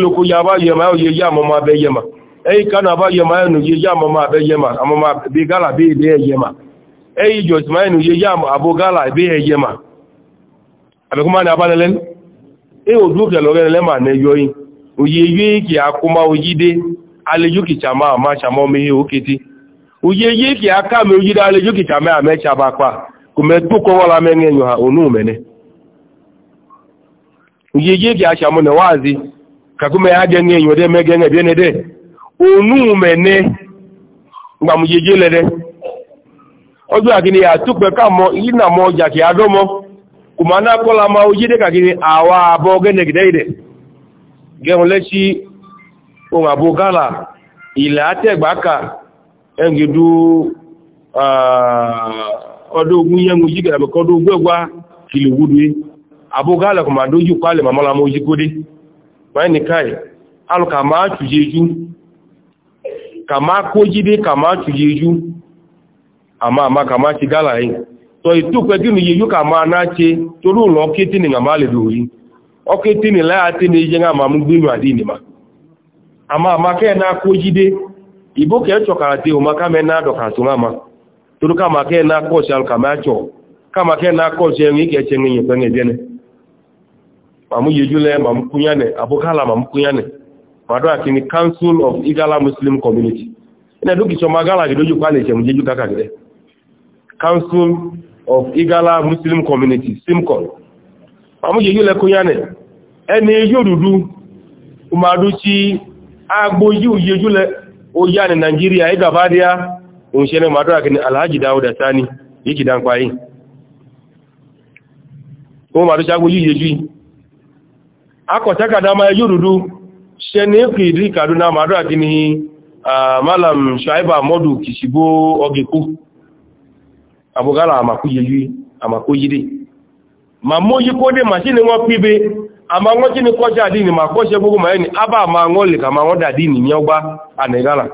lóko yẹ abá yẹ ma òye yẹ àmọ́ abẹ́ yẹ ma ẹ̀yẹ kánú abá yẹ ma ẹnu yẹ yẹ àmọ́ abẹ́ yẹ ma àmọ́ bí gálà bí ma e odu ke lo gele ma ne yoyin oye ye ki akuma oyide aleju ki chama ma chama mi okiti oye ye ki aka mi oyide aleju chama me chaba pa wala me ngenyo ha onu mene oye ye ki achamu ne wazi kakume age ngenyo de mege ne biene de onu mene ngba mu yeje ina mo jaki adomo kumana kola ma ujide kakini awa aboge negideide gẹun lẹ́ṣí ohun àbúgálà ilẹ̀ àtẹ̀gbáka ẹgbẹ̀dú ọdún ogun yẹngu jí gẹ̀rẹ̀ kọ́ ọdún ogun ẹgbà kìlì wúdú yìí àbúgálà kùmà dójú pálẹ̀ màmọ́lá mọ́ ojú kódé wáyé nìkáì alùkà máa tùjẹjú kà máa kójídé kà máa tùjẹjú àmà àmà kà máa ti gálà yìí to itu kwe gini yeyu ka ma na che toru lo kiti ni ngama le duri o ni la ati ni je ngama mu gbe wadi ni ma ama ama ke na ko jide ibo ke cho ka de o ma ka me na do ma ke na ko shal ka ma cho ka ma ke na ko je ngi ke che ngi pe mamu yeju le mamu mamu kunya ne madu council of igala muslim community ina duki choma gala gidoju kwa le che kaka gide council of Igala Muslim Community, SIMCON. Àmúyẹ yìí lẹ́kọ́ yánẹ̀, ẹni yóò dúdú, umaru ti agbo yíò yíò lẹ oyá ní Nàìjíríà ẹgbà bá díá, òun ṣe ní Madura kìí Alhaji Dawuda Sani, yìí kìí dáńpa yìí. Wọ́n Madura ti agbo yíò yíò yìí. Akọ̀tẹ́kàdá máa yóò dúdú, ṣe ní kìí Kaduna Madura kìí Malam Shaiba Modu Kìsìgbó Ọgẹ̀kú abogala amakuyeyi amakuyiri ma moyi kode de, shine ngo pibe ama ngo chini ko ja ni ma ko she bugu ma yani aba ma ngo le kama ngo da dini nyoba anegala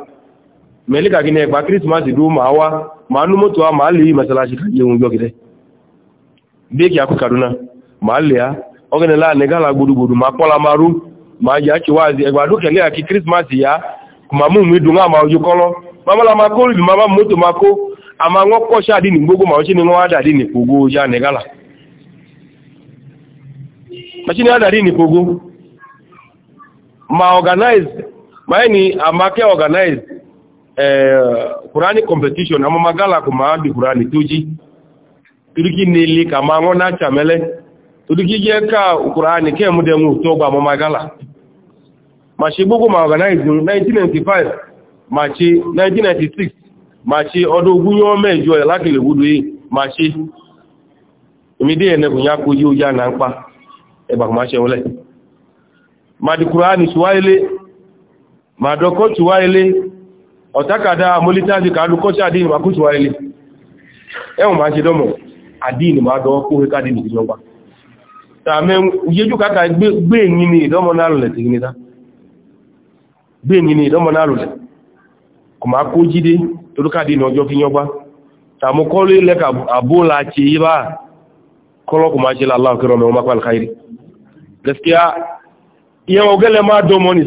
melika gine gba christmas du ma wa ma nu moto wa ma le masala shi kan yeun yo gide be ki aku kaduna ma le ya ogene la anegala gudugudu ma pola maru ma ya ki wazi egba du kele ya ki christmas ya kuma mu mi dunga ma oju kolo mama la ma ko mama moto ma ko ama wọn kọ́ṣẹ́ àdínì gbogbo ma ọṣí ni wọ́n àdàdí ní kogo ya nìgálà ọṣí ni àdàdí ní kogo ma organize ma yẹ́ ni a ma kẹ́ organize eh, kurani competition ama magala kò ma di kurani tó jí turiki ní ilé ka ma wọ́n náà chàmẹ́lẹ́ turiki jẹ́ ká kurani kẹ́ tó gba ma magala ma ṣe gbogbo ma organize 1995 ma ṣe 1996 ma ṣe ọdún ogún yọ mẹ́jọ ẹ̀ lákìlẹ̀ wúdú yìí ma ṣe ìmìdí ẹ̀nẹ́kùn yá kó yíó yá náà ń pa ẹgbà kò má ṣe wọlẹ̀ madìkúrá ní ṣùwá ilé màdọ́kọ́ ṣùwá ilé ọ̀tákàdá mólítàzì kàádùkọ́ṣà àdínì makú ṣùwá ilé ẹwọ̀n ma ṣe dọ́mọ̀ àdínì ma dọ́ kó rékàdínì ìjọba tààmẹ́ yéjú kàkà gbé ní ìdọ́mọ̀ torúkàdì ní ọjọ́ kíyọ́gbá tàmú kọ́lú ilẹ̀ àbúlà ṣe yí bá kọ́lọ́kù máa ṣe láàlá òkèrè ọmọ ọmọ pàlì káyìrì gaskiya ìyẹn ọgẹ́lẹ̀ máa dọ́mọ́ ní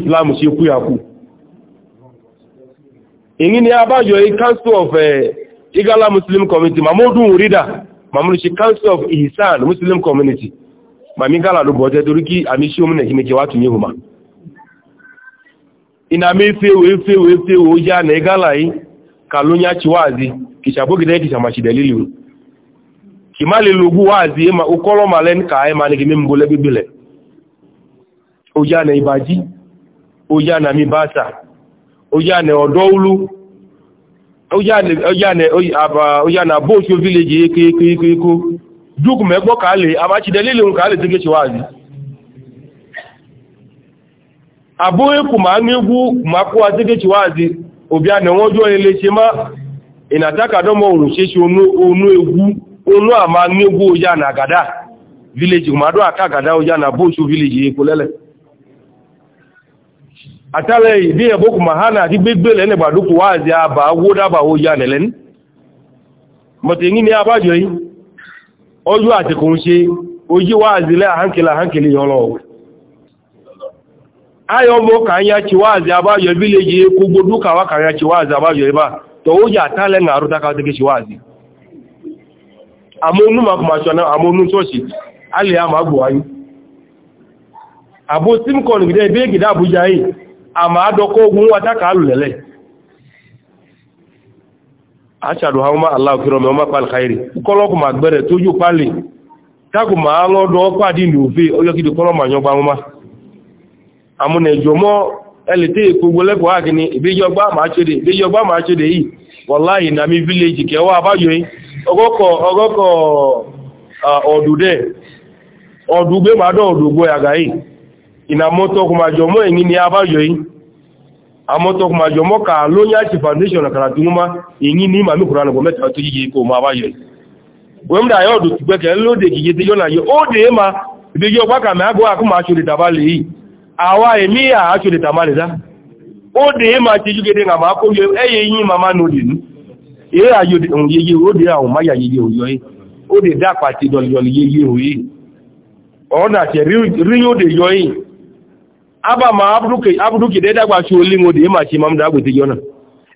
ni abájọ yí council of eh, igala muslim community mahmudu rida mahmudu ṣe council of ihsan muslim community mami gala ló bọ̀ jẹ́ torí kí àmì ṣe omi nàìjíríà kí wá tún yíhùn kalunya chiwazi kisha bogi dai kisha machi dalili kimali lugu wazi ema ukolo malen ka ema ni kimi mbule bibile ujana ibaji ujana mibasa ujana odoulu ujana ujana aba ujana bosho village e, ki ki ki ku duk megbo kale amachi dalili ka ale tige chiwazi abụghị kwụ ma nwa egwu tige chiwazi obia na enwe ọjọọ eleche ma ị na-ata ka dọma wụrụ chechi onu egwu onu ama egwu oja na agada vileji mmadụ aka gada oja na bụchu vileji ekwolele ataleghị di ya bokwu ma ha na-adịgba egbele na gbadokwu waazi aba agwụ daba oja nelen mọta enyi na abajọghị ọjọọ atịkụ nche oji waazi le ahankele ahankele ya ọlọọgwụ anya ụmụ ka anya chiwaazị agbayo vileji ekwu gbogbo ka awa ka anya chiwaazị agbayo ebe a to o ji atale na arụtakadịghị chiwaazị amonu makwụmachọna amonu chọọchị alị ya ma agbo anyị abụ simkon gide ebe egide abụja anyị ama adọkọ ogwu nwata ka alụlele acharụ ha ọma ala okirome ọma ọma kpal kairi kọlọkụ ma gbere toju pali takụ ma alọdụ ọkwa dị n'ofe oyọkidi kọlọ ma nyọgba ọma. amụna mọ eleta ekpogbelekwa ha gịnị ebejọgba ma achede ebejọgba ma achede iyi wallahi mi village kẹwàá àbáyọ̀yí ọgọ́kọ̀ ọ̀dùdẹ́ ọ̀dùgbé màádọ́ ọ̀dùgbò àgáyì ìnà mọ́tọ́kùnmájọmọ́ èyí ni àbáyọ̀yí àmọ́tọ́kùnmájọmọ́ ka lóyá ti foundation kàràtúnmá èyí awa emiya achodetamaliza ode ma chijugede nga makoye eye yin mama nodin ye ayode yeye ode awon maya yeye oyoye ode ona ti riyo de yoyi aba ma abduke abduke de dagba ti olin ode ma ti mam dagbe ti yona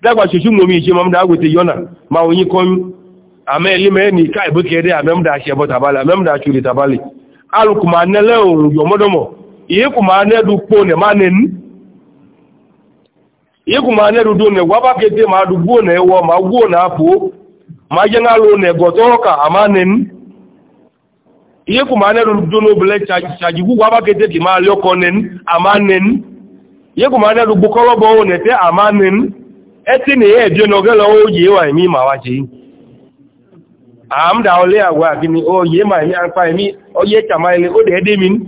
dagba ti sumo mi ti mam dagbe ti yona ma oyin kon ame elime ni ka tabali alukuma nele ohun yikuma ne du kpone manin yikuma ne du dune kete ma du gune wo ma gune apu ma jena lo ne gotoka amanin yikuma ne du dune bele chaji gu waba kete ki ma lyo konin amanin yikuma ne du bukolo bo ne te amanin eti ne ye bi no gelo o ye wa mi ma wa ji am da ole agwa kini o ye ma mi an pa mi chama ile o de de min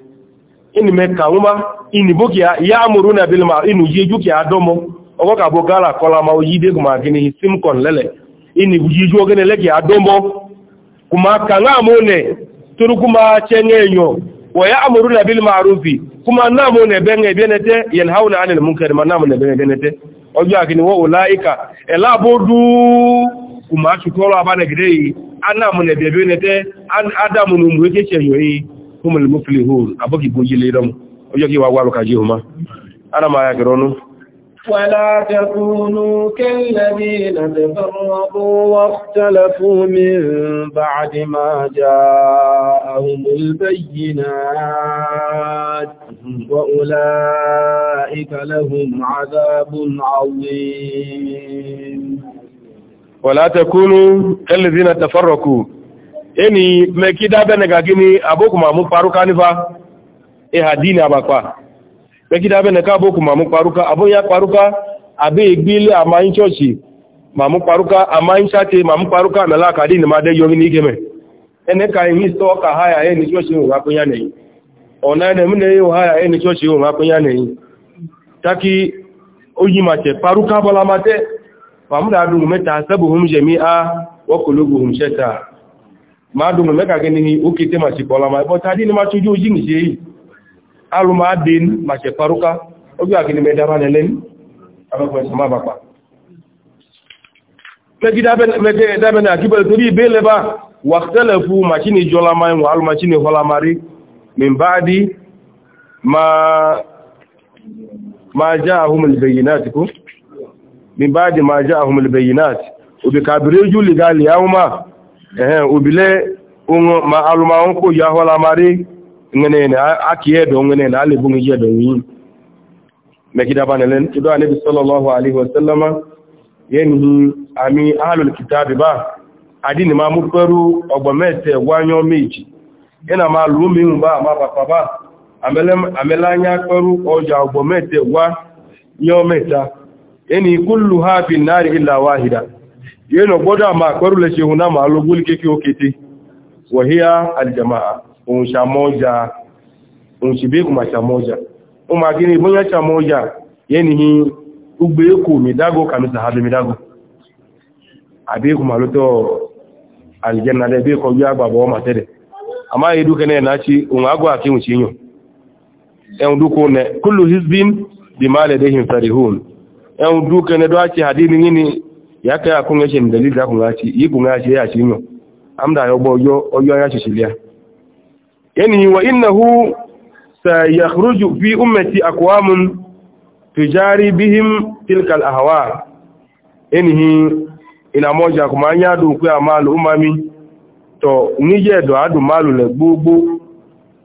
ini meka uma ini boki ya amuru na bil ma inu yeju ki adomo ogo ka bogala kola ma oyide kuma gini simkon lele ini yeju ogene leki adomo kuma kanga amone turu kuma chengenyo wa ya amuru na ma ma'rufi kuma na mone benge benete yanhauna anil munkar ma na mone benge benete ojo akini wo ulaika ela bodu kuma shukolo abane gidei ana mone benete an adamu nu mu humul muflihun aboki boji le o yoki wa walu ka jihuma ana ma ya gironu wala takunu kal ladina tafarraqu min ba'di ma ja'ahumul bayyinat wa ulaika lahum 'adhabun 'azim wala takunu kal ladina eni mekida bene gini aboku mamu paruka nifa e hadini abapa mekida bene ka aboku mamu abo ya paruka abe igbile ama in church mamu paruka ama in chate mamu paruka mela ka ma de yomi ni geme ene ka yin so ka haya eni church o wa kunya nei ona ene mune yo haya eni church o wa kunya nei taki oyi mate paruka bola mate famu da du meta sabuhum jami'a wa qulubuhum shataa máa dùn mẹ́ka gẹni ni ó kété ma ṣe kọlọmọ ẹbọ́ tàbí ní ma tó yóò yìí ṣe yìí alù máa dé ní ma ṣe parúká ojú àkíní mẹ́ta bá nílẹ́ ní abẹ́fẹ́sọ máa bàpá mẹ́kídábẹ́ni àkíbẹ̀rẹ̀ torí ìbẹ́lẹ̀ bá wà tẹ́lẹ̀ fún màṣíní jọlama ẹ̀wọ̀n alù màṣíní họlamari mìbáàdí máa já ehe obile ungo ma aluma unko ya hola mari ngene ne akiye do ngene na ale bungi je do yi me kida banelen kido anabi sallallahu alaihi wasallama yenhi ami ahlul kitab ba adini ma mu peru ogbo mete gwanyo meji ina ma lu mi ba ma papa ba amele amele anya peru oja ọgbọmete mete gwa yo ya eni kullu ha bi narị illa wahida yeno boda ma kwarule ce huna ma logul keke okete wahiya aljamaa un shamoja un shibe kuma shamoja uma gini bunya shamoja yenihi ugbe ku mi dago kanu sahabi mi dago abi kuma loto aljanna de na chi un agwa ki un ne kullu hizbin bima ladayhim farihun en du kene do achi hadini ya kai akun ya ce mu dalil da kun ga ci yi kun ce ya ci no amda yo bo yo oyo ya ci cilia yani wa innahu sayakhruju fi ummati aqwamun tujari bihim tilka al ahwa yani ina moja kuma nya du ku amalu umami to ni je do adu malu le gbogbo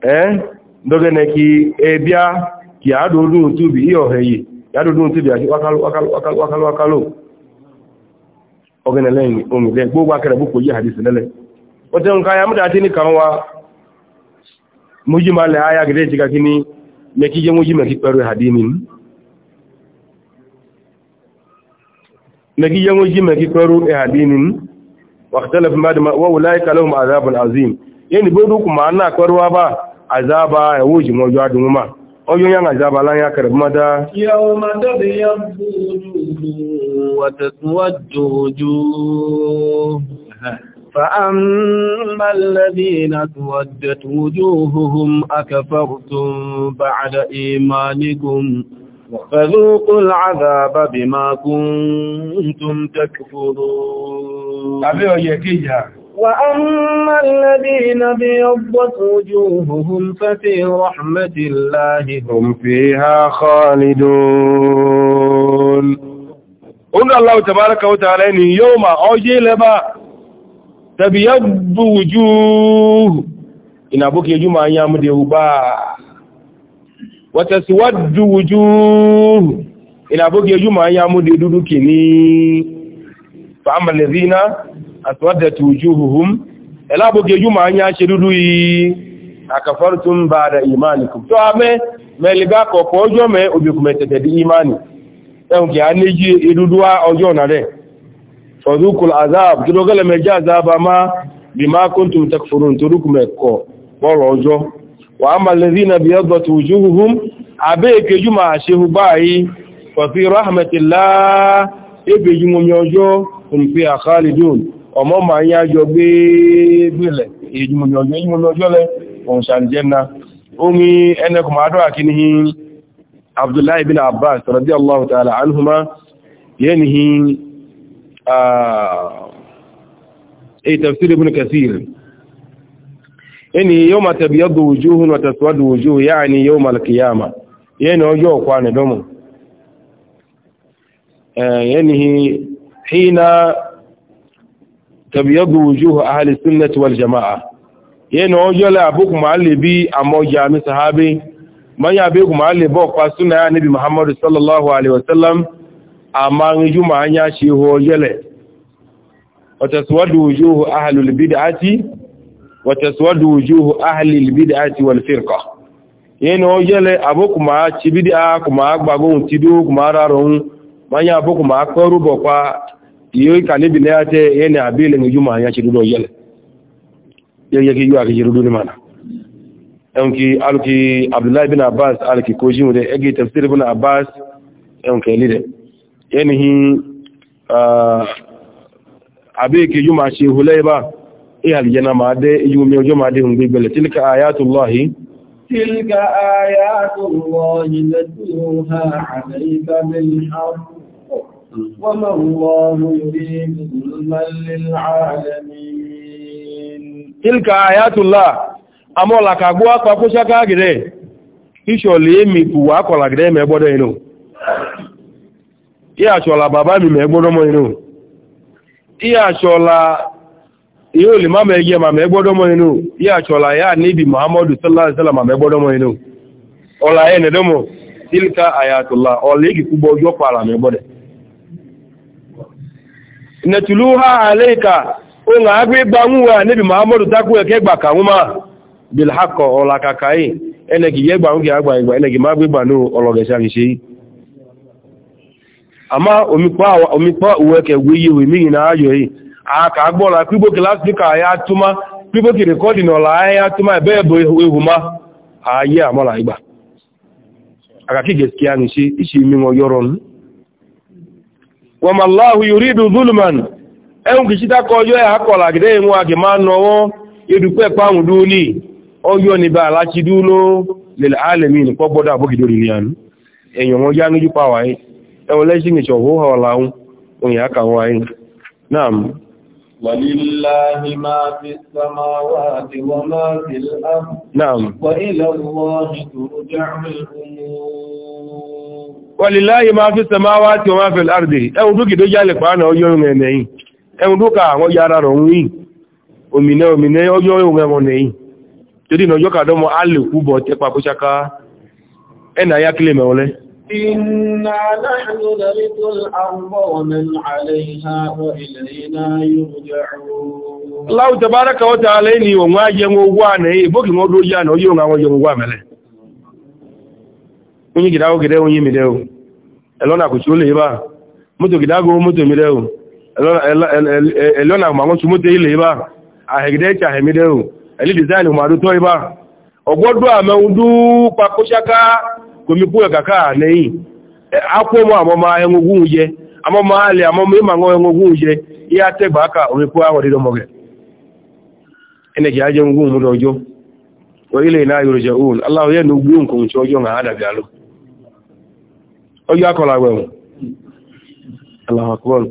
eh doge ne ki ebia ki adu dun tubi iyo heyi adu dun tubi aki wakalu wakalu wakalu wakalu wakalu ogana lẹ́yìn omi lẹ́yìn gbogbo akẹrẹ bó kò yí àdìsí lẹ́lẹ́ ó tẹ́ nǹkan ayámúdá tí ní kan wa mújí máa lẹ́ ayá gẹ́gẹ́ jíga kí ní mẹ́kí jẹ́ mújí mẹ́kí pẹ̀rọ ìhàdí ni mẹ́kí azim yẹ́nì bó dúkù máa náà bá azaba ẹ̀wọ́ ìjìmọ̀jọ́ adùnmọ́ ọjọ́ yánà ìjábà láyé akẹrẹ̀ mọ́dá فأما الذين تودت وجوههم أكفرتم بعد إيمانكم فذوقوا العذاب بما كنتم تكفرون وأما الذين بيضت وجوههم ففي رحمة الله هم فيها خالدون أنزل الله تبارك وتعالى يوم أوجي لبا تبيض وجوه إن أبوك يجمع أيام ديوبا وتسود وجوه إن أبوك يجمع أيام ديدودك فأما الذين aswadat wujuhuhum elabo geju ma anya shedudu yi akafartum ba'da imanikum to ame meliga ko pojo me obikume tededi imani ehun ki aneji eduduwa ojo na re fadhukul azab kidogale meja azaba ma bima kuntum takfurun turukume ko boro ojo wa amma alladhina biyaddat wujuhuhum abeke juma shehu bayi fa fi rahmatillah ebe jumo mi ojo hum fi khalidun ọmọ ma ya yájọ gbé gbèlẹ̀ èjìmọ̀lọ́jọ́lẹ̀ ọ̀sànjẹ́na omi ẹnẹkùnmọ̀ adọ́wà kí ní abdullahi bin abbas radiyallahu ta'ala anhuma yẹnihi a tafsir ibn kasir yẹni yau ma tabiyyadu tàbíyàgbò wujuhu ahli sunnati wal jama'a yẹnu ọjọ́ la àbúkù máa lè bí àmọ́jà mi sàhábé mọ́yà àbíkù máa lè bọ́ pa súnà yá níbi muhammadu sallallahu alaihi wasallam àmà ríjú máa ń yá ṣe hó ọjọ́lẹ̀ wàtàsíwádù wujuhu ahli al-bid'ati wàtàsíwádù wujuhu ahli al-bid'ati wal firqa yẹnu ọjọ́ la àbúkù máa ti bídí a máa gbàgbóhun ti iyo ka ni bi na te yene abile ngi juma ya chirudo yele ye ye ki yu aki chirudo ni mana enki alki abdullah ibn abbas alki koji mu de egi tafsir ibn abbas enki lide yene hi abe ki juma shi hulayba e hal yana de yu mi juma de hun gbele tilka ayatullah tilka ayatullah natluha alayka bil haqq وما الله يريد ظلما للعالمين تلك آيات الله أما لك أقوى فقوشا كاكده iṣọ́ lè mi kù wà kọ̀lá gẹ́gẹ́ mẹ́gbọ́dọ̀ inú tí mi mẹ́gbọ́dọ̀ mọ́ inú tí àṣọ́lá yíò ma mẹ́gbọ́dọ̀ mọ́ inú ma àṣọ́lá yá níbi muhammadu sallallahu alaihi wasallam mẹ́gbọ́dọ̀ mọ́ inú netuluha ha onga agwe gbanwuwa nabi muhammadu takwe ke gba kanwuma bil haqqo ola kakai enegi ye gbanwu ge agba igba enegi ma gbe gbanu ologe sari se ama omipa omipa uwe ke wiye we mi na ayo yi aka agbola pibo class ni ka ya ola ya ma aka wama Allahu yuridu zulman ẹ̀hùn kìí ṣídá kọjọ́ ẹ̀ àkọ̀lá gẹ́gẹ́ ìwọ̀n àgbẹ̀ máa nọwọ́ ìdúpẹ́ pàwọn ọjọ́ níbà láti dúró lèlẹ̀ alẹ́mí nìkọ́ gbọ́dọ̀ àbókìdórì وإلى الله ترجع الأمور wàlìláyìí ma fi sẹmáwá ti wọ́n fẹ́ lárdì ẹwùn dúkì tó jálẹ̀ pàánà ọjọ́ ìrìn ẹ̀nẹ̀ yìí ẹwùn dúkà àwọn yàrá rọ̀ wí òmìnà òmìnà ọjọ́ ìrìn ẹ̀nẹ̀ yìí torí ìnàjọ́ kàdọ́mọ alẹ́kú bọ̀ tẹ́ pàkóṣáká ẹ̀nà ayá kílẹ̀ mẹ́wọlẹ́ na bá rákàwọ́ta alẹ́ ni òun á jẹun onye gidago gide onye mi deo elona kò tí ó lè bá mọ́tò gidago mọ́tò mi deo elona ma wọ́n tí mọ́tò ilẹ̀ bá ahẹ̀gidẹ́ ẹ̀kẹ́ ahẹ̀mí deo ẹ̀lí dizaini ma dútọ́ ibá ọgbọ́dọ̀ àmẹ́hun dúpa kó ṣáká kòmíkú ẹ̀ kàkà nẹ́yìn akó mọ́ àmọ́ ma ẹngogún jẹ àmọ́ ma alẹ́ àmọ́ mẹ́mà ń ẹngogún jẹ yíyá tẹ́gbà ká òmìnkú àwọn dídọ́ mọ́gẹ̀ ẹnẹ̀kì ajẹ́ ń gún mú lọ́jọ́ orílẹ̀ ìná yorùjẹ́ òun aláwọ̀ yẹ́ ní ogún nǹkan ọjọ́ akọ̀lá wẹ̀wọ̀n aláhàkùnrùn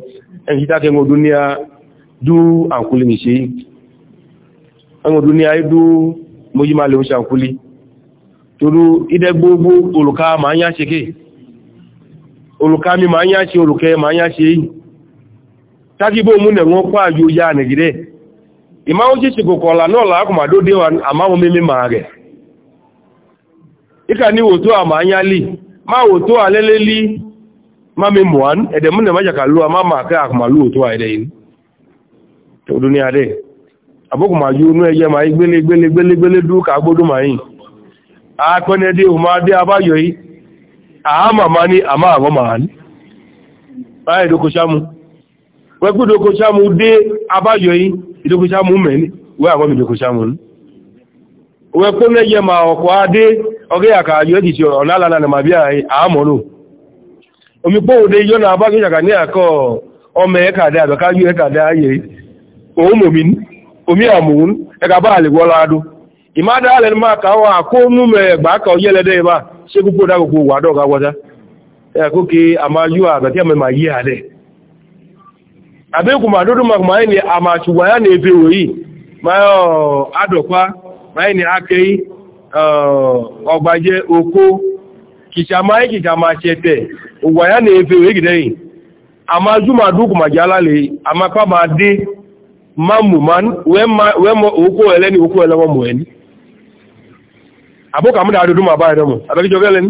ẹni títà kẹ́ ọdún ní a dú àkúlé nìṣe yìí ọdún ní a dú mojímálẹ̀ oṣù àkúlé torú idẹ́ gbogbo olùká ma ń yáṣe ké olùká mi ma ń olùkẹ́ ma ń yáṣe yìí pọ́ àjò ya ma wò tó alẹ́lẹ́ lí ma mi mọ̀ án ẹ̀dẹ̀ múnẹ̀ má jàkà lúwa má máa kẹ́ àkùmàlú òtó àìdẹ̀ yìí tó dún ní adẹ́ àbúkù máa yóò nú ẹyẹ máa gbélé gbélé gbélé gbélé dúkà gbódú máa yìí akọ́nẹ́dé o máa dé abáyọ̀ yìí àámà máa ní àmà àwọ́ máa ní báyìí ìdókòṣámú wẹ́kú ìdókòṣámú dé abáyọ̀ yìí ìdókòṣámú mẹ́ni wẹ́ àwọn ìdókòṣámú ní wẹ́kú nẹ́yẹ máa ọkọ̀ adé oge ya ka yo gichi olala na ma bia a omi po de yo na aba gicha ka ni ako e e o me ka da ba ka yo ka omi amun e ka ba le wola do imada ale ma ka wa ko yele de ba se gugu da gugu wa do ka wota e ko ki ama yu a ba ti ma yi ade ni akei Eh, ọgbàjẹ́ oko kìsàmáyé kìsàmá ṣẹtẹ̀ òwàyá ní efe wé gìdẹ́yìn a máa júmà dúkù màjá alálẹ̀ a máa pá máa dé máa mù máa wẹ́mọ oko ẹlẹ́ni oko ẹlẹ́wọ́ mọ̀ ẹni àbúkà múdà àdúdú màbá ẹ̀dọ́mù àbẹ́kíjọ fẹ́lẹ́ni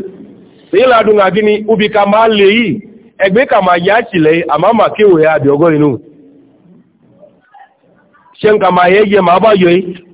èyí ládùn àti ní ubi ka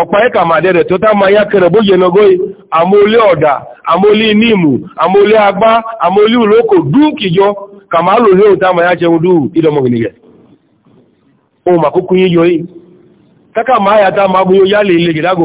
ọ̀pá ẹ́kà màdẹ́rẹ̀ tó tá ma yákẹ̀rẹ̀ bó yẹnà góyí àmóolé ọ̀dà àmóolé níìmù àmóolé agbá àmóolé olóko dún kìjọ kàmà lòlẹ́ òtá ma yákẹ̀rẹ̀ dún ìdọmọ̀gìnìyẹ̀ ohun àkókò yí yọ yìí kákà má yàtá ma bú yálẹ̀ ilẹ̀ ìdágò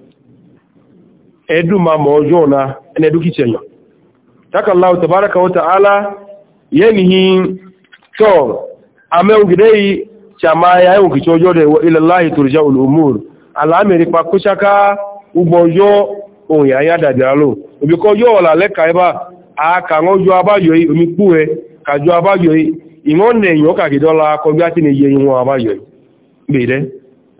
edu ma ma na ẹni edu kìí ṣẹ̀yàn takallahu tabaraka wa ta'ala yẹnihi tọ́ amẹ́hùngidẹ́ yìí ṣàmà ya ẹ̀hùn kìí ọjọ́ rẹ̀ ilallahi turja'ul umur alámẹ́rí pa kó ya ugbọ ọjọ́ ohun yàáyá dàdàrà lò òbí kọ́ ọjọ́ ọ̀là lẹ́ka omi kú ẹ kàjọ abáyọ̀ yìí ìwọ́n nẹ̀yàn kàkìdọ́la kọjú àti ní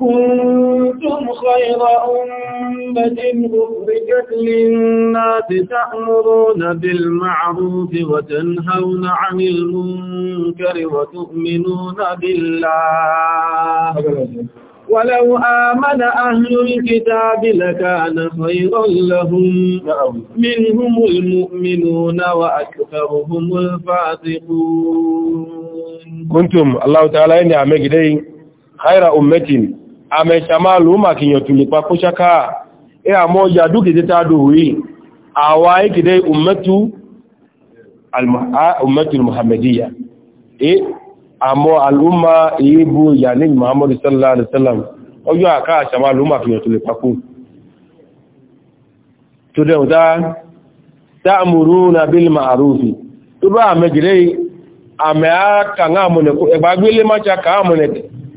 كنتم خير أمة أخرجت للناس تأمرون بالمعروف وتنهون عن المنكر وتؤمنون بالله ولو آمن أهل الكتاب لكان خيرا لهم منهم المؤمنون وأكثرهم الفاسقون كنتم الله تعالى ينعمك دين خير أمة ameshamalu makinyotuli kwa kushaka ea moja duki zitaduhi awai kidai ummatu ummatu almuhammadiyya e amo alumma ibu yani Muhammadu sallallahu alaihi wasallam oyo aka shamalu makinyotuli kwa ku tudeu da ta'muruna bil ma'rufi tuba amejirei ameaka ngamune ebagbele macha kamune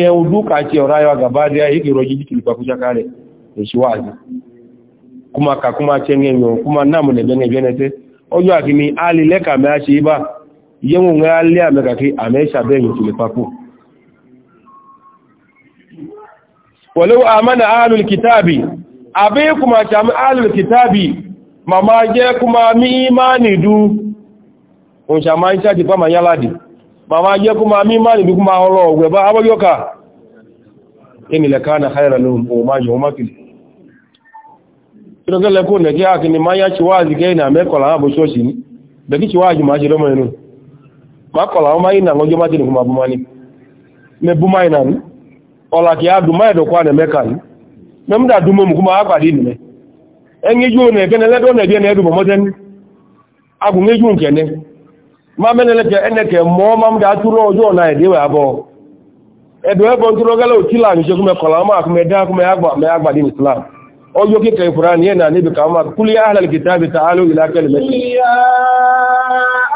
yau eh, duka ce rayuwa gaba daya yake roji jiki ba kusa kare da shi wa'azi kuma ka kuma ce ne yau kuma namu ne ali leka me a ṣe ba ali amẹ́ka kí amẹ́ṣà bẹ́yìn tí lè papò kitabi abẹ́ kuma ṣe alul kitabi mama jẹ́ kuma mi du òun ṣe ma mama je kuma mi mani bi kuma olo ba abo yoka ini la kana khayran lahum o ma yo ma kin kiro ma ya chiwazi ge na me ko la abo shoshi ni be ki chiwazi ma je lomo enu ma ko la ma ina ngojo ma tin kuma bu mani me bu ma ina ni ola ki adu ma edo kwa ne me kan me mda du mo mameneleke eneke mɔɔ mam daa tu lɔɔ jɔɔ naa ɛdi wɛ abɔ ɛdɔ ɛbɔ ntoro gɛlɛ oti la anise kumɛ kɔla ama kumɛ da kumɛ agba mɛ agba di islam ɔjɔ kika ifura ni ɛna ne bi ka ma kuli ahlal kitabi ta'alu ila kalimati.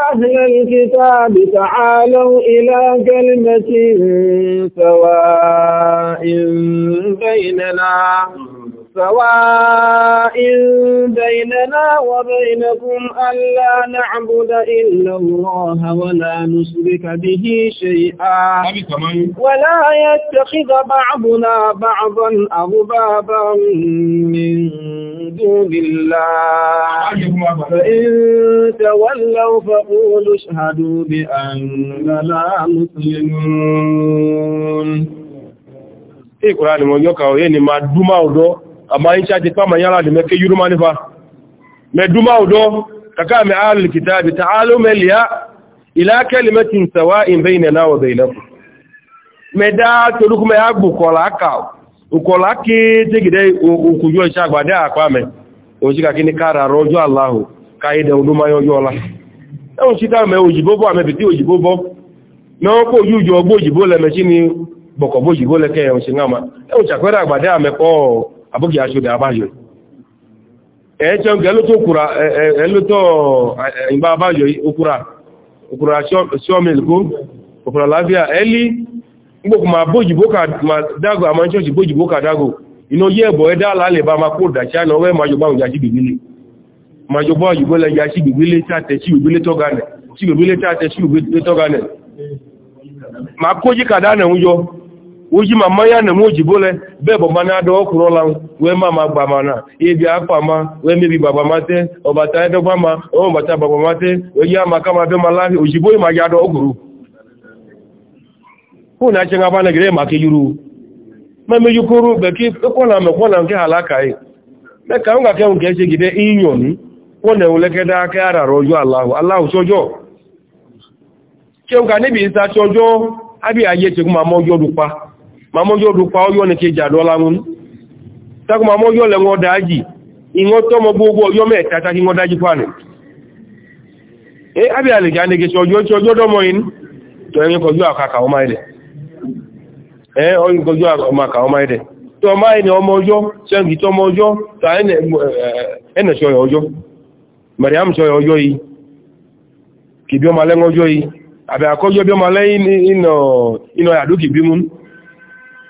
أهل الكتاب تعالوا إلى كلمة سواء بيننا سواء بيننا وبينكم ألا نعبد إلا الله ولا نشرك به شيئا ولا يتخذ بعضنا بعضا أربابا من دون الله فإن تولوا فقولوا اشهدوا بأننا مسلمون Ìkùrá ni yọ́ka òye ni máa dúmà ọ̀dọ́ amma in caji fama yara da maka yuru manifa mai duma udo kaka mai ahlul kitabi ta'alu mai liya ila kalimatin sawa'in bainana wa bainakum mai da to duk mai agbu kola ka ukola ke te gide ukujo isa gbade apa me o ji kini kara rojo allahu ka ide uduma yojo la e o sita me ojibo bo ame biti ojibo bo na ko juju ogbo ojibo le me chini boko ojibo le ke o ngama e o chakwera gbade ame abúkì aṣòdì àbáyọ ẹ̀ẹ́jọ́ gẹ́lótó òkúra ẹ̀ẹ́lótó ìgbà àbáyọ òkúra òkúra ṣọ́mìlìkó òkúra lábíà ẹ̀lí gbogbo ma bójìbó ka dágò àmọ́ ṣọ́ọ̀ṣì bójìbó ka dágò iná yẹ́ ẹ̀bọ̀ ẹ̀dá alálẹ̀ bá ma kó dàṣà náà wẹ́ majọba òjá sí gbìgbìlẹ̀ majọba òjìbó lẹ́yà sí gbìgbìlẹ̀ tàtẹ̀ sí gbìgbìlẹ̀ tọ́ganẹ̀ sí gbìgbìlẹ̀ tàtẹ̀ sí gbìgbìlẹ̀ tọ́ganẹ̀ ma kó jí ń yọ oji ma mmanya na enwe ojibole be bụ mmanya ada ọkwụrụla wee mama gbamana ịbịa akpa ma wee mebi gbabamate ọbata edegba ma ọbata gbabamate wee ya maka ma bịamala ahịa ojibo ma gị ada ọkwụrụ hụ na achị ngaba na gere maka yuru ma emejukọrụ bekee kwọna mekwọna nke halaka e. me ka m ga-ake nke echegide inyon na ewelekede aka ya rara ọjọọ alahụ alahụ chọjọọ chekwa na ebi nsa chọjọọ abịa ya echekwa ma ma ọjọọ rụkpa mamojo dupa oyo ne ke jado la mun ta ko mamojo le ngo daji ingo to mo gbogbo oyo me tata ki ngo daji fani e abi ale gande ke sojo sojo do mo yin to yin ko ju akaka o maide e o yin ko ju akaka o maide to mai ni ọmọ ojo se ngi to ọmọ ojo ta ene ene so yo ojo mariam so yo ojo yi ki bi o ma le ngo ojo yi abi akojo bi o ma le ino ino ya do ki bi mun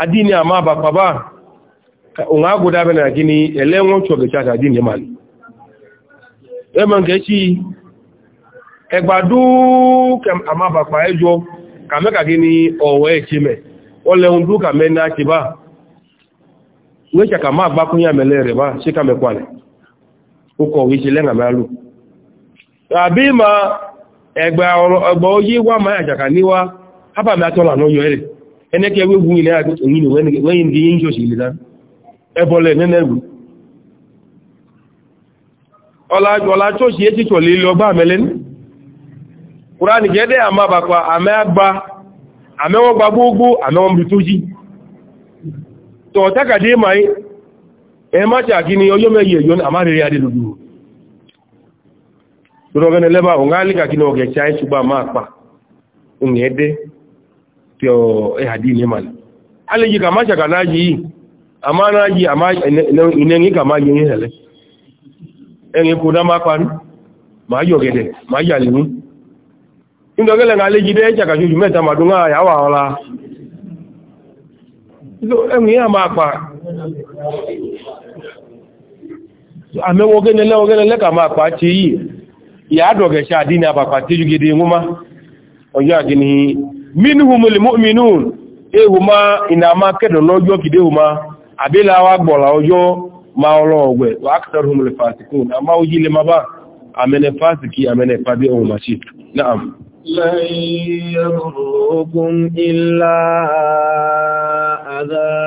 adini ama bakpaba ungago dabe na gini elenwo choge chata adini mali ema ngechi egbadu kem ama bakpa ejo kameka gini owe echime ole undu kamena chiba wecha kama agbakunya melere ba shika mekwale uko wichi lenga malu abima egba egba oyi wa ma ajaka niwa hapa mi atola no yo ere ẹnẹ́kẹ́ wéwu ilẹ̀ àgbẹ̀tòyìn wẹ́yìn di yíyí ṣòṣì ilẹ̀ náà ẹbọlẹ̀ nẹ́nẹ́gbù ọlá ṣòṣì é títọ̀ lè lọ bá àmẹ́lẹ́ ní kùránì gẹ́dẹ́ àmàbàpá àmẹ́gbà àmẹ́wọ́gbà gbogbo àmẹ́wọ́n tó jí tọ̀ tákàdé máa ẹ má ṣàkí ni ọjọ́ mẹ́yẹ yọ àmárẹ̀rẹ̀ adé lòdù lọ́rọ̀gẹ́nẹ́lẹ́bà òun á lè kàkí ní ọgẹ̀ máa pa òun teo ehadini mala aliji kamasha kanaji amanaji ama inengi kamaji ngele engi kuna mapan majo gede majalini ndo gele ngaliji de chaka juju meta madunga ya wala so engi ama pa amewo gene lewo gene le kama pa ti ya doge sha dini abapa ti ju gede nguma ojo agini minhumul mu'minun ehùmá ìnàmá kẹ́dùn lọ́jọ́ kìdéhùmá àbíláwà gbọ̀lá ọjọ́ ma ọlọ́ọ̀gbẹ̀ wà ákàtàrùmùlẹ̀ fàtíkùn àmá ojí lè má bá àmẹ́nẹ̀ fàtíkì àmẹ́nẹ̀ fàbí ohun màṣí náà لن يضركم إلا أذى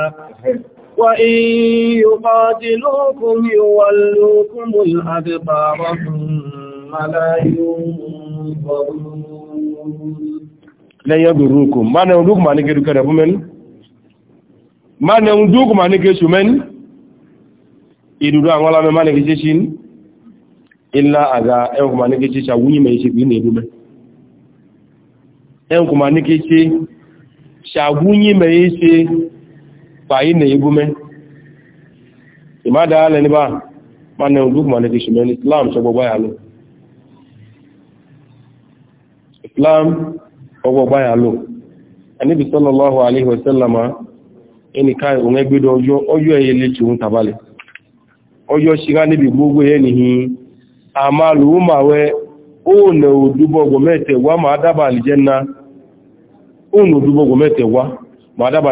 وإن يقاتلوكم يولوكم الأدبار ثم لا lẹ́yìn ẹgbẹ̀rúkù ma na ń dúkù ma ní kéèdù kẹrẹ fún mẹ́ni ma na ń dúkù ma ní kéèṣù mẹ́ni ìdúdó àwọn alámẹ́ ma ní kéèṣe ṣí ní ilá àga ẹnkù ma ní kéèṣe ṣàwúyí mẹ́ ṣe gbìyànjú ẹ̀dúgbẹ́ ẹnkù ma ní kéèṣe ṣàwúyí mẹ́ Islam ọgbọ́ gbáyà lò ẹnibi sallallahu alaihi wasallama ẹnìká òun ẹgbẹ́dọ̀ ọjọ́ ọjọ́ ẹyẹ lè tún tàbálẹ̀ ọjọ́ ṣíra níbi gbogbo ẹ̀ nìyí àmàlù màwẹ́ òòlẹ̀ òdúbọ̀gbọ̀ mẹ́tẹ̀wá máa dábà àlìjẹ́nà òòlẹ̀ máa dábà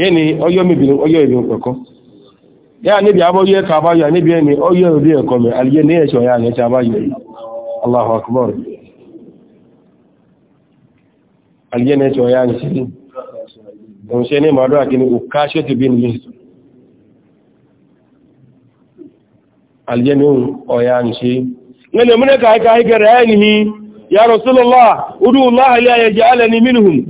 yẹni ọyọ́ mi bìnrin ọyọ́ ìbí pẹ̀kọ́ yá níbi abọ́yọ́ ẹ̀ka abáyọ̀ níbi ẹni ọyọ́ ìbí ẹ̀kọ́ mi àlìyé ní ẹ̀ṣọ́ ya àyẹ̀ṣẹ́ abáyọ̀ Allahu akbar àlìyé ní ya àyẹ̀ṣẹ́ bí òun ní màdúrà kí ni òká ṣó ti bí ní àlìyé ní ya ud'u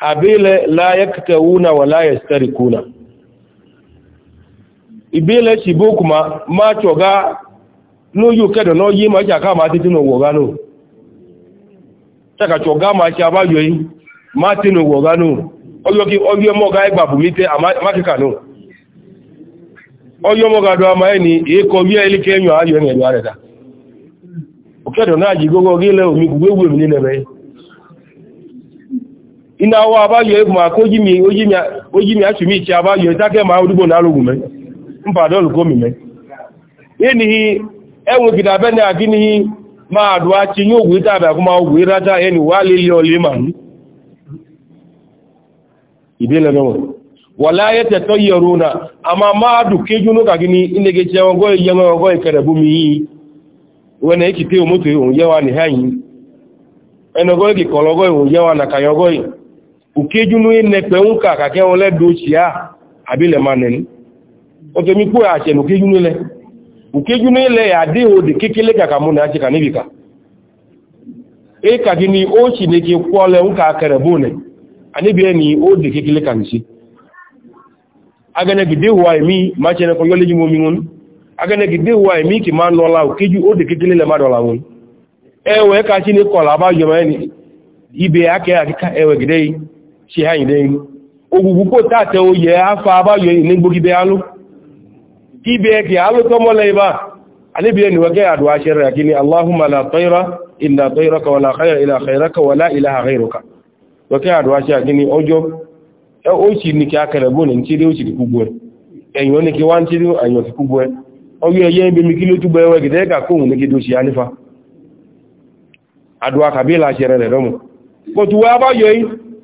abile la yaktawuna wa la yastarikuna ibile shibukuma ma choga no yuke do no yi ma chaka ma titi no woga no chaka choga ma cha ba yoi ma titi no woga no oyo ki oyo mo ga igbabu mite ama ma no oyo mo ga do ama eni e ko wi ele ke nyu ayo ni ele ara da o kedo na ji gogo gile omi gugwe wu ni le be iná ọwọ́ abáyọ ẹgbùn àkójími àṣùmí ìṣẹ́ abáyọ ìtákẹ́ ma ọdúgbò nálògùn mẹ́ ń pàdọ́lù kó mi mẹ́ ní ẹwùn kìtàbẹ́ ní àkí ní máa dùn àti yóò wé tàbí àkúmá ogun ìrájá ẹni wà lílé ọlẹ́ màá ní kàkí ní ilẹ̀gẹ̀ṣẹ́ ọgọ́ ìyẹn ọgọ́ ìkẹrẹ̀bùmí yìí wọ́n náà kìtẹ́ òmótò òun yẹ́wà ukejunu inepe nka kake wọn lẹ́dọ̀ òṣì á àbílẹ̀ máa nẹ̀ni ọ̀tọ̀mí kó àṣẹ̀lú ukejunu ilẹ̀ ukejunu ilẹ̀ àdé òdè kékeré kàkà mú ní àṣẹkà níbìkà ẹkàkí ni ó sì ní kí pọ́lẹ̀ nka kẹrẹ̀ bóòlẹ̀ àníbi ẹni òdè kékeré kà nìṣe agẹnẹgìdé wa èmi máa ṣe ẹnẹkọ yọlé yímo mi wọn agẹnẹgìdé kékeré ṣe àyìnlẹ́yìn ogungun kò tàtẹ oyẹ afa abáyọ ìnigbógibẹ aló kí bẹ kí aló tọmọ lẹ́yìnbá alébí ẹni wẹ́gẹ́ àdúwà ṣẹrẹ kí ni aláhùnmà látọ́ira ìlà tọ́ira kọwàlá ìlà kọwàlá ìlà àrẹ́rọ̀ká wẹ́gẹ́ àdúwà ṣẹrẹ kí ni ọjọ́ ó sì ní kí akẹrẹ bóòlù ní tíri ó sì kúgbó ẹ ẹ̀yàn ní kí wá ń tíri ẹ̀yàn ti kúgbó ẹ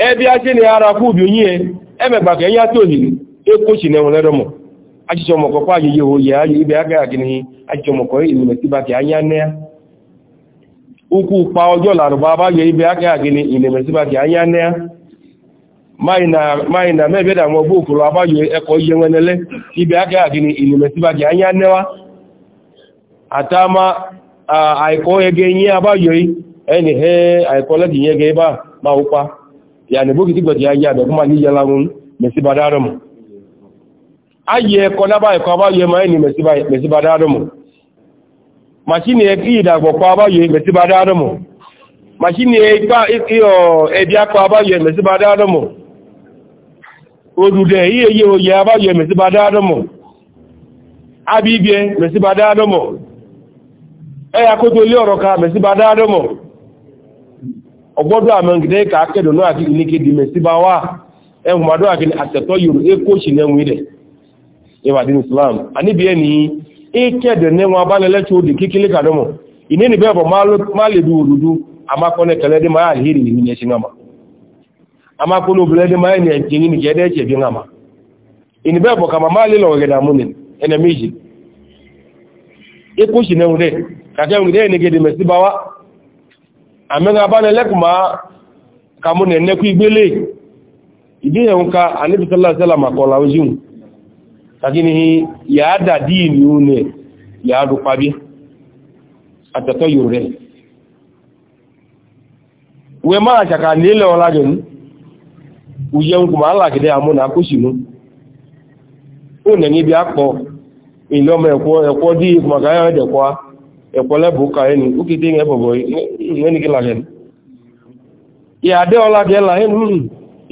ebi a chi na ara ara kwubi onye ihe emegba ka enye ata ohiri ekochi na enwerere mụ achịcha ọmọkọkwa ayịyi oyi aya ibe agaghị agị n'ihi achịcha ọmọkọ ilu metiba na nne na mebeda ibe anya a àìkọ́ ẹgẹ yí abáyọ̀ ẹni hẹ́ àìkọ́ lẹ́dìí yẹ́gẹ bá máa yani bókì tí gbọ̀dì ayé àdọ̀ kúmà yíya láwọn mẹ̀síbà ayé ẹkọ lábá abáyé ma ní mẹ̀síbà màṣínì ẹkí ìdàgbọ̀kọ abáyé mẹ̀síbà màṣínì ẹgbà ìkíọ̀ ẹbí akọ abáyé mẹ̀síbà dárọ̀mù iyeye oyè abáyé mẹ̀síbà ọgbọ́dọ̀ àmọ́gidẹ́ ka akẹ́dọ̀ náà àti ilé kéde mẹ́ sí bá wá ẹ̀hùn màdọ́ àti àtẹ̀tọ́ yorùbá èkó ṣì náà wí rẹ̀ ẹwà dín islam àníbi ẹni ìkẹ́dẹ̀ náà wọn abánilẹ́tì òdì kékeré kàdọ́mọ̀ ìní ní bẹ́ẹ̀ bọ̀ má lè du òdúdú amákọ́nẹ́ kẹlẹ́ dé máa àlérè ní ẹṣin náà amákọ́nẹ́ obìnrin dé máa ẹni ẹ̀jẹ̀ ní kẹ́dẹ́ ẹ̀jẹ̀ bí náà ìní bẹ́ẹ̀ bọ̀ kàmá má lè lọ ọ̀gẹ̀dẹ̀ àmúni amega abanalekuma ka mụ na-enekwa igbele ìdíyẹ̀ ń ka anìbìtàlásẹ́là makọ̀lá ojú tàbí yàá dàdí ìlú nẹ̀ yàá rúpa bí àtẹ̀tọ́ yóò rẹ̀ wẹ máa ṣàkà nílẹ̀ ọlájọ̀ ní ujẹun kùmà alákìdẹ́ àmúnà ekwele bụ ụka enu ụkịta ihe bụbụ enyi gị ya ọla la enu unu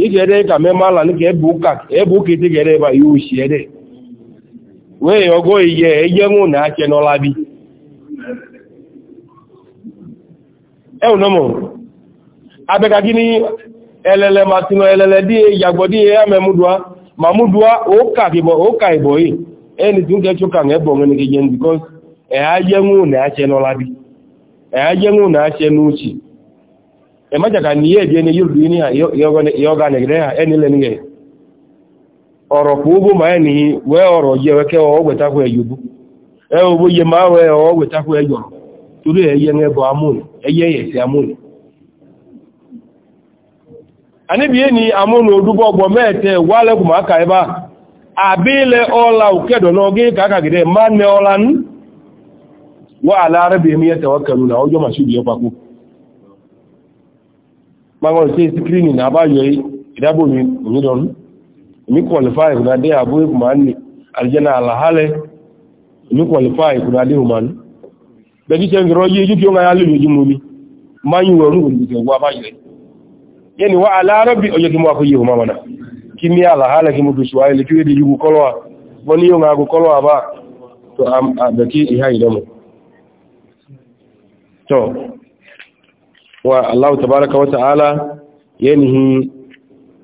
ede ka meme ala ka ebe ụka ebe ụka ga ebe iwu si ede wee ọgọ ihe eye nwụ na ake n'ọla bi e abịaka gị elele elele ya ma mudua ụka ụka yi e tụ nke chụka na ebe onwe ẹ̀háyẹ́wò nà áṣẹ lọ́lábí ẹ̀háyẹ́wò nà áṣẹ n'úchì ẹ̀májàkà ní yẹ́ ìdíẹni yóò rí ní yọ́gá nìgbẹ̀rẹ́ ẹni lẹ́nìyẹ ọ̀rọ̀ kò ó bó máa ní wẹ́ ọ̀rọ̀ yẹ wẹ́kẹ́ ọgbẹ̀takọ̀ ẹ̀yọ́bú ẹ owó yẹ máa wẹ́ ọgbẹ̀takọ̀ ẹ̀yọ̀rọ̀ torí ẹ̀yẹ ẹbọ amóhùn ẹyẹ ẹ̀sì amóhùn aníbìyẹ ni amóhùn odúbọ̀ ọgbọ̀ mẹ́ẹ̀tẹ̀ wálẹ́kùnmọ́ àkàẹ́bá àbílẹ̀ ọlá òkèdọ̀ náà gé kàkàgìdẹ̀ má ní ọlá ní wa ala rabbihim yatawakkaluna ọjọ́ màá ṣùgbọ́n papọ̀ máa ń ṣe skrini ní abáyọ ìdábò mi òmìnirọ̀nù èmi qualify ìkùnadé àbú ìkùnmáàlì àlìjẹ́nà àlàhálẹ̀ èmi qualify ìkùnadé òmìnirọ̀nù bẹ́ẹ̀ jíṣẹ́ ìrọ̀ yé ojú ni máa ń wọ̀rún òmìnirọ̀ ìwọ abáyọ yẹni wa ala rabbi ọjọ́ kí mo àkóyè òmà mọ́nà kí ní àlàhálẹ̀ kí mo fi ṣùwáyé lè kí ó dé yúgu kọ́lọ́wà wọ́n ní yóò ń to wa Allah tabaraka wa ta'ala yanhi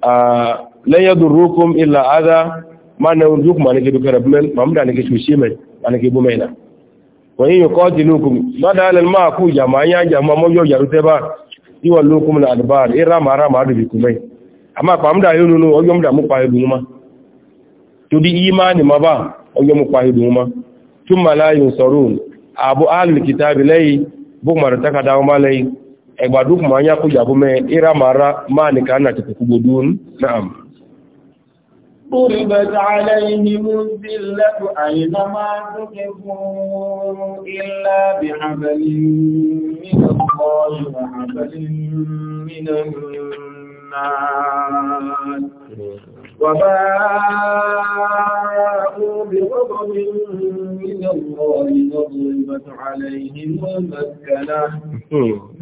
a lan yadurrukum illa adha ma nawdukum anake bi karabmen mamda anake shushi mai anake bu mai na wa in yuqatilukum badal al ma'ku jama'a jama'a mo yo yaru te ba iwa lokum la adbar irama rama adu bi kumai amma pamda yunu no oyo mda mu pa yunu ma to bi imani ma ba oyo mu pa yunu ma tumma la yusarun abu al kitabi lay bókù màrẹ̀ taka dáwọ́ máa lẹ́yìn ẹgbàdú kù máa ń yá kó yàbó mẹ́ ira mara máa nìkan náà tètè kú ضربت عليهم الذلة أينما تقفوا إلا بحبل من الله وحبل من النار وباءوا بغضب من الله وضربت عليهم المسكنة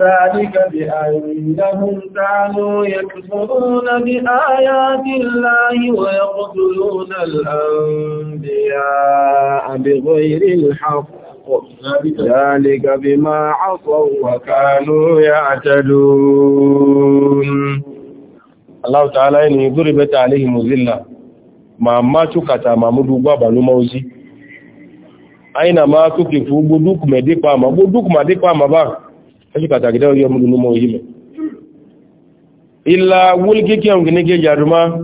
ذلك بأنهم كانوا يكفرون بآيات الله ويقتلون الأنبياء بغير الحق ذلك بما عصوا وكانوا يعتدون Allah ta'ala ni duribata alaihim zilla mamma tukata mamudu baba lu mauzi aina ma tukifu buduk medipa ma buduk madipa ma ba tukata gidawo yo mudu mauzi me illa wulki kyan gine ge jaruma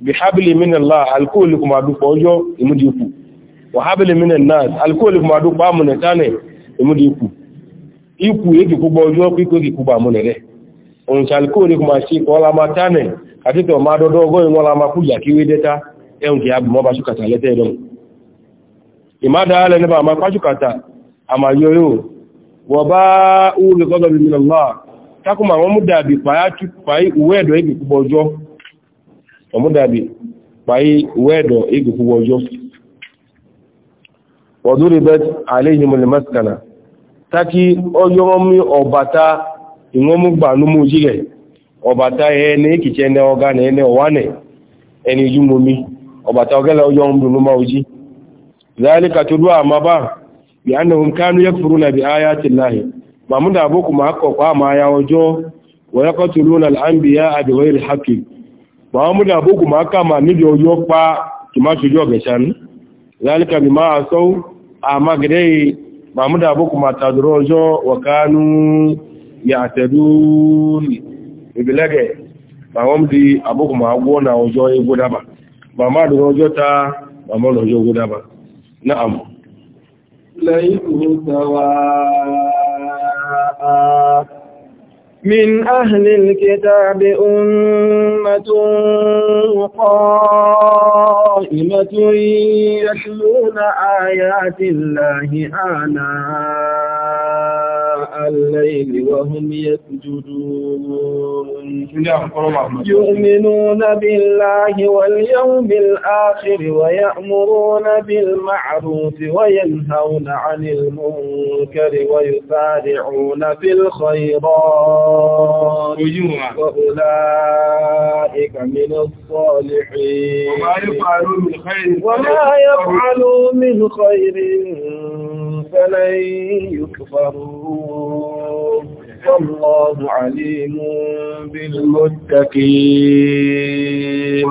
bi habli min Allah alkul kuma du fojo imudiku wa habli min an-nas alkul kuma du ba munetane imudiku iku yeki kubojo piko ki kuba munere onchaliko ni kumashi kola matane katito madodo goyi ngola makuja kiwideta eungi abu moba shukata lete edo imada ale neba makwashukata ama yoyo waba uri kodo bi minallah takuma omudabi payatu payi uwedo igi kubojo omudabi payi uwedo igi kubojo waduribet alayhim almaskana taki oyo mi ìwọ́múgbà númú jílẹ̀ ọ̀bàtà ẹni kìí ẹni ọgá ní ẹni ọ̀wánẹ̀ ẹni ìjúmomi ọ̀bàtà ọgẹ́lẹ̀ ọjọ́ ọmọdún ló máa ojí zálíkà tó dúwà máa bá bí a náà kánú yẹ fúrú nàbí ayá ti láhì màmúdà àbókù máa kọ̀kọ́ àmà ayá ọjọ́ wọ́yẹ́kọ́ tó ló nà láńbíyá àdìwọ́ ìrì hákì màmúdà àbókù máa ọjọ́ pa kì yàtẹ̀dún ìbìlẹ́gẹ̀ àwọn di àbúkùnmà agbó na ọjọ́ igbó dába màmá dùn ọjọ́ ta màmá lọ́jọ́ igbó dába náà mọ̀ من أهل الكتاب أمة قائمة يتلون آيات الله آناء الليل وهم يسجدون يؤمنون بالله واليوم الآخر ويأمرون بالمعروف وينهون عن المنكر ويسارعون في الخيرات وأولئك من الصالحين وما يفعلوا من خير فلن يكفروا والله عليم بالمتقين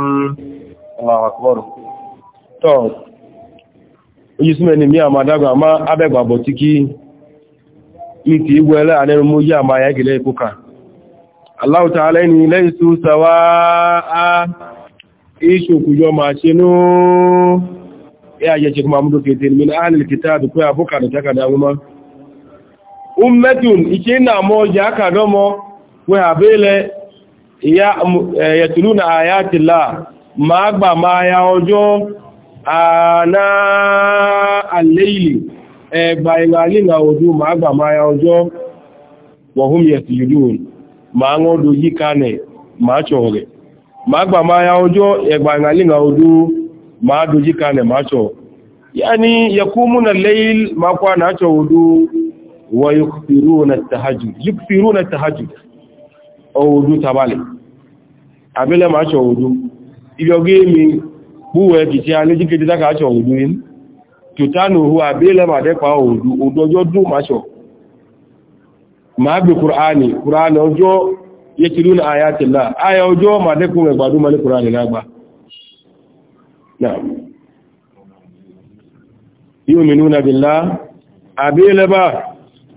الله أكبر طب oyísúnmẹ́ ni mí àmà dágbà má abẹ́gbàbọ̀ tí kí ìtì igbó ẹlẹ́ àlẹ́rù mú yí àmà ayá gẹ̀lẹ́ ìkókà. Allahu ta'ala ni ya je ce kuma mudu fitin min ahlil kitab ko ya buka da takada kuma ummatun ikena mo ya ka domo ko abele ya eh, yatluna ayati la ma gba ma ya ojo ana al-layli e eh, ilali na odu ma gba ma ya ojo wa hum yasjudun ma ngodo yikane ma chore ma gba ma ya ojo e eh, ilali na odu máa dojú kalẹ̀ máa ṣọ̀ yáni yakumuna layl máa kọ́ àná ṣọ̀ odó wa yukfiruna tahajjud yukfiruna tahajjud odó tabalẹ̀ abẹ́lẹ̀ máa ṣọ̀ odó ibi ọgẹ́ mi búwẹ̀ kìí alẹ́ jíkẹ́ dídáka ṣọ̀ odó yìí tòtánù hu abẹ́lẹ̀ máa dẹ́pa odó odó ọjọ́ dùn máa ṣọ̀ máa gbé kùránì kùránì ọjọ́ yẹ́kìlú ní ayatillah aya ọjọ́ máa dẹ́kun ẹgbàdún mọ́lẹ́ kùránì lágbàá náà yu'minuna billah àbílẹ́bà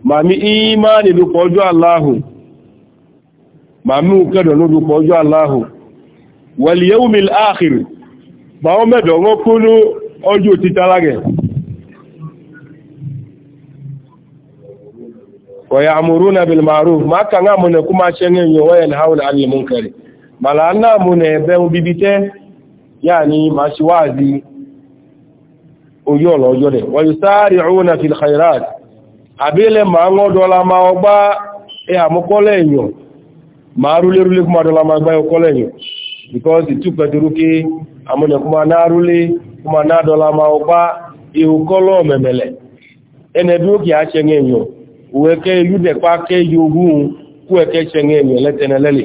màmí ìmáàni lùpọ̀ ọjọ́ aláhù màmí òkèdọ̀ ló lùpọ̀ ọjọ́ aláhù wal yawmil akhir bà ọ mẹ́dọ̀ wọ́n kú ní ọjọ́ títà lágẹ̀ wa ya'muruna bil ma'ruf ma kàn ámúnẹ̀ kú máa yáàni ma ṣe wáàzí ojú ọ̀lọ̀ ọjọ́ rẹ̀ wọ́n yóò sáàrì ọ̀nà fi khairat àbílẹ̀ ma ń ọdọ́lá ma ọgbá ẹ àmúkọ́lẹ̀ èèyàn ma rúlé rúlé kúmà dọ́lá ma gbá ọkọ́lẹ̀ èèyàn because ìtú pẹ̀tẹ̀rúké àmúnẹ̀ kúmà náà rúlé kúmà náà dọ́lá ma ọgbá ìhùkọ́lọ̀ mẹ̀mẹ̀lẹ̀ ẹnẹ bí ó kì á ṣẹ́ èèyàn òwẹ́kẹ́ yúdẹ̀pá kẹ́ yogún kú ẹ̀kẹ́ ṣẹ́ èèyàn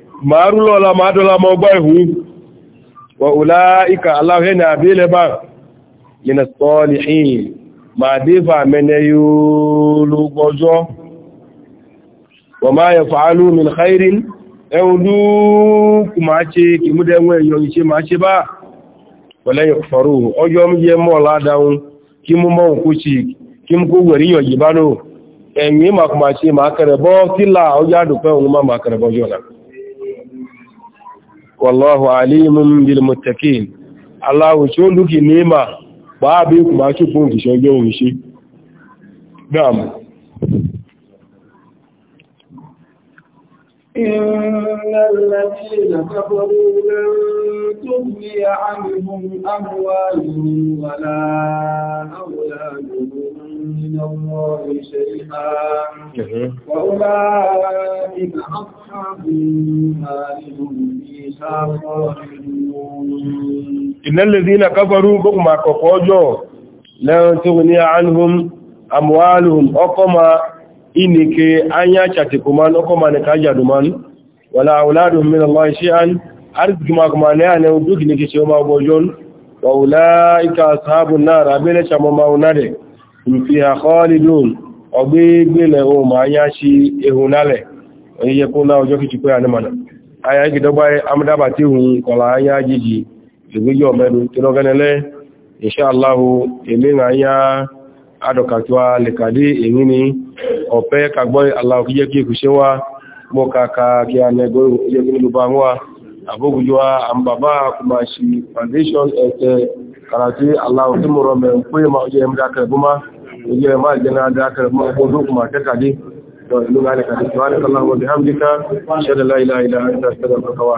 ma a ọlá ma dọ́lá ma ọgbá ihu, wa ọlá ikà na ní àbílẹ̀bá yìnà sọ́ọ̀lì ma dẹ́fà mẹ́nẹ yóò lọ́gbọ́jọ́ wa ma yẹ fa'alú min khairin ẹun e dúkù ma ṣe kì mú dẹ́wọ́ èyọ ìṣe ma ṣe bá wọlé faru ṣe ma kùmà ṣe ma ma ma wallahu alimun bil muttaqin Allahu tí ó lúkì níma pàábí kùmá tí fún ìṣẹ́ ọjọ́ òun dáàmù إن الذين كفروا لن تغني عنهم أموالهم ولا أولادهم من الله شيئا وأولئك أصحاب النار هم فيها خالدون إن الذين كفروا بكما كفوجوا لن تغني عنهم أموالهم أقما إنك أنيا تتكمان أقما نكاجدمان ولا أولادهم من الله شيئا arziki ma kuma ne ne duk ne ke ce ma bojon wa ulaika ashabun nar abele chamo maunare mfia khalidun ọgbẹ́gbẹ́lẹ̀ ohun ma ya ṣe ehunalẹ̀ oníyẹ kó náà ọjọ́ kìí pẹ́ ànímọ̀nà aya ìgbẹ̀dọ́gbà amdába tí hun kọ̀lá anya jíjì ìgbẹ́jọ́ mẹ́nu tí lọ́gẹ́nẹ́lẹ́ inṣáàláhù èmì anya adọ̀kàtíwà lẹ̀kàdé èmì wa a abubuwa an baba kuma shi foundation ake eh, eh, karatu allahu sun mura mai kuyi ma ujiyar mu dakar da ujiyar ma jana dakar ma kudu kuma ta kade da ilunga ne kade tuwa da sallahu wa bihamdika shaɗa la ilaha illa anta astaghfiruka wa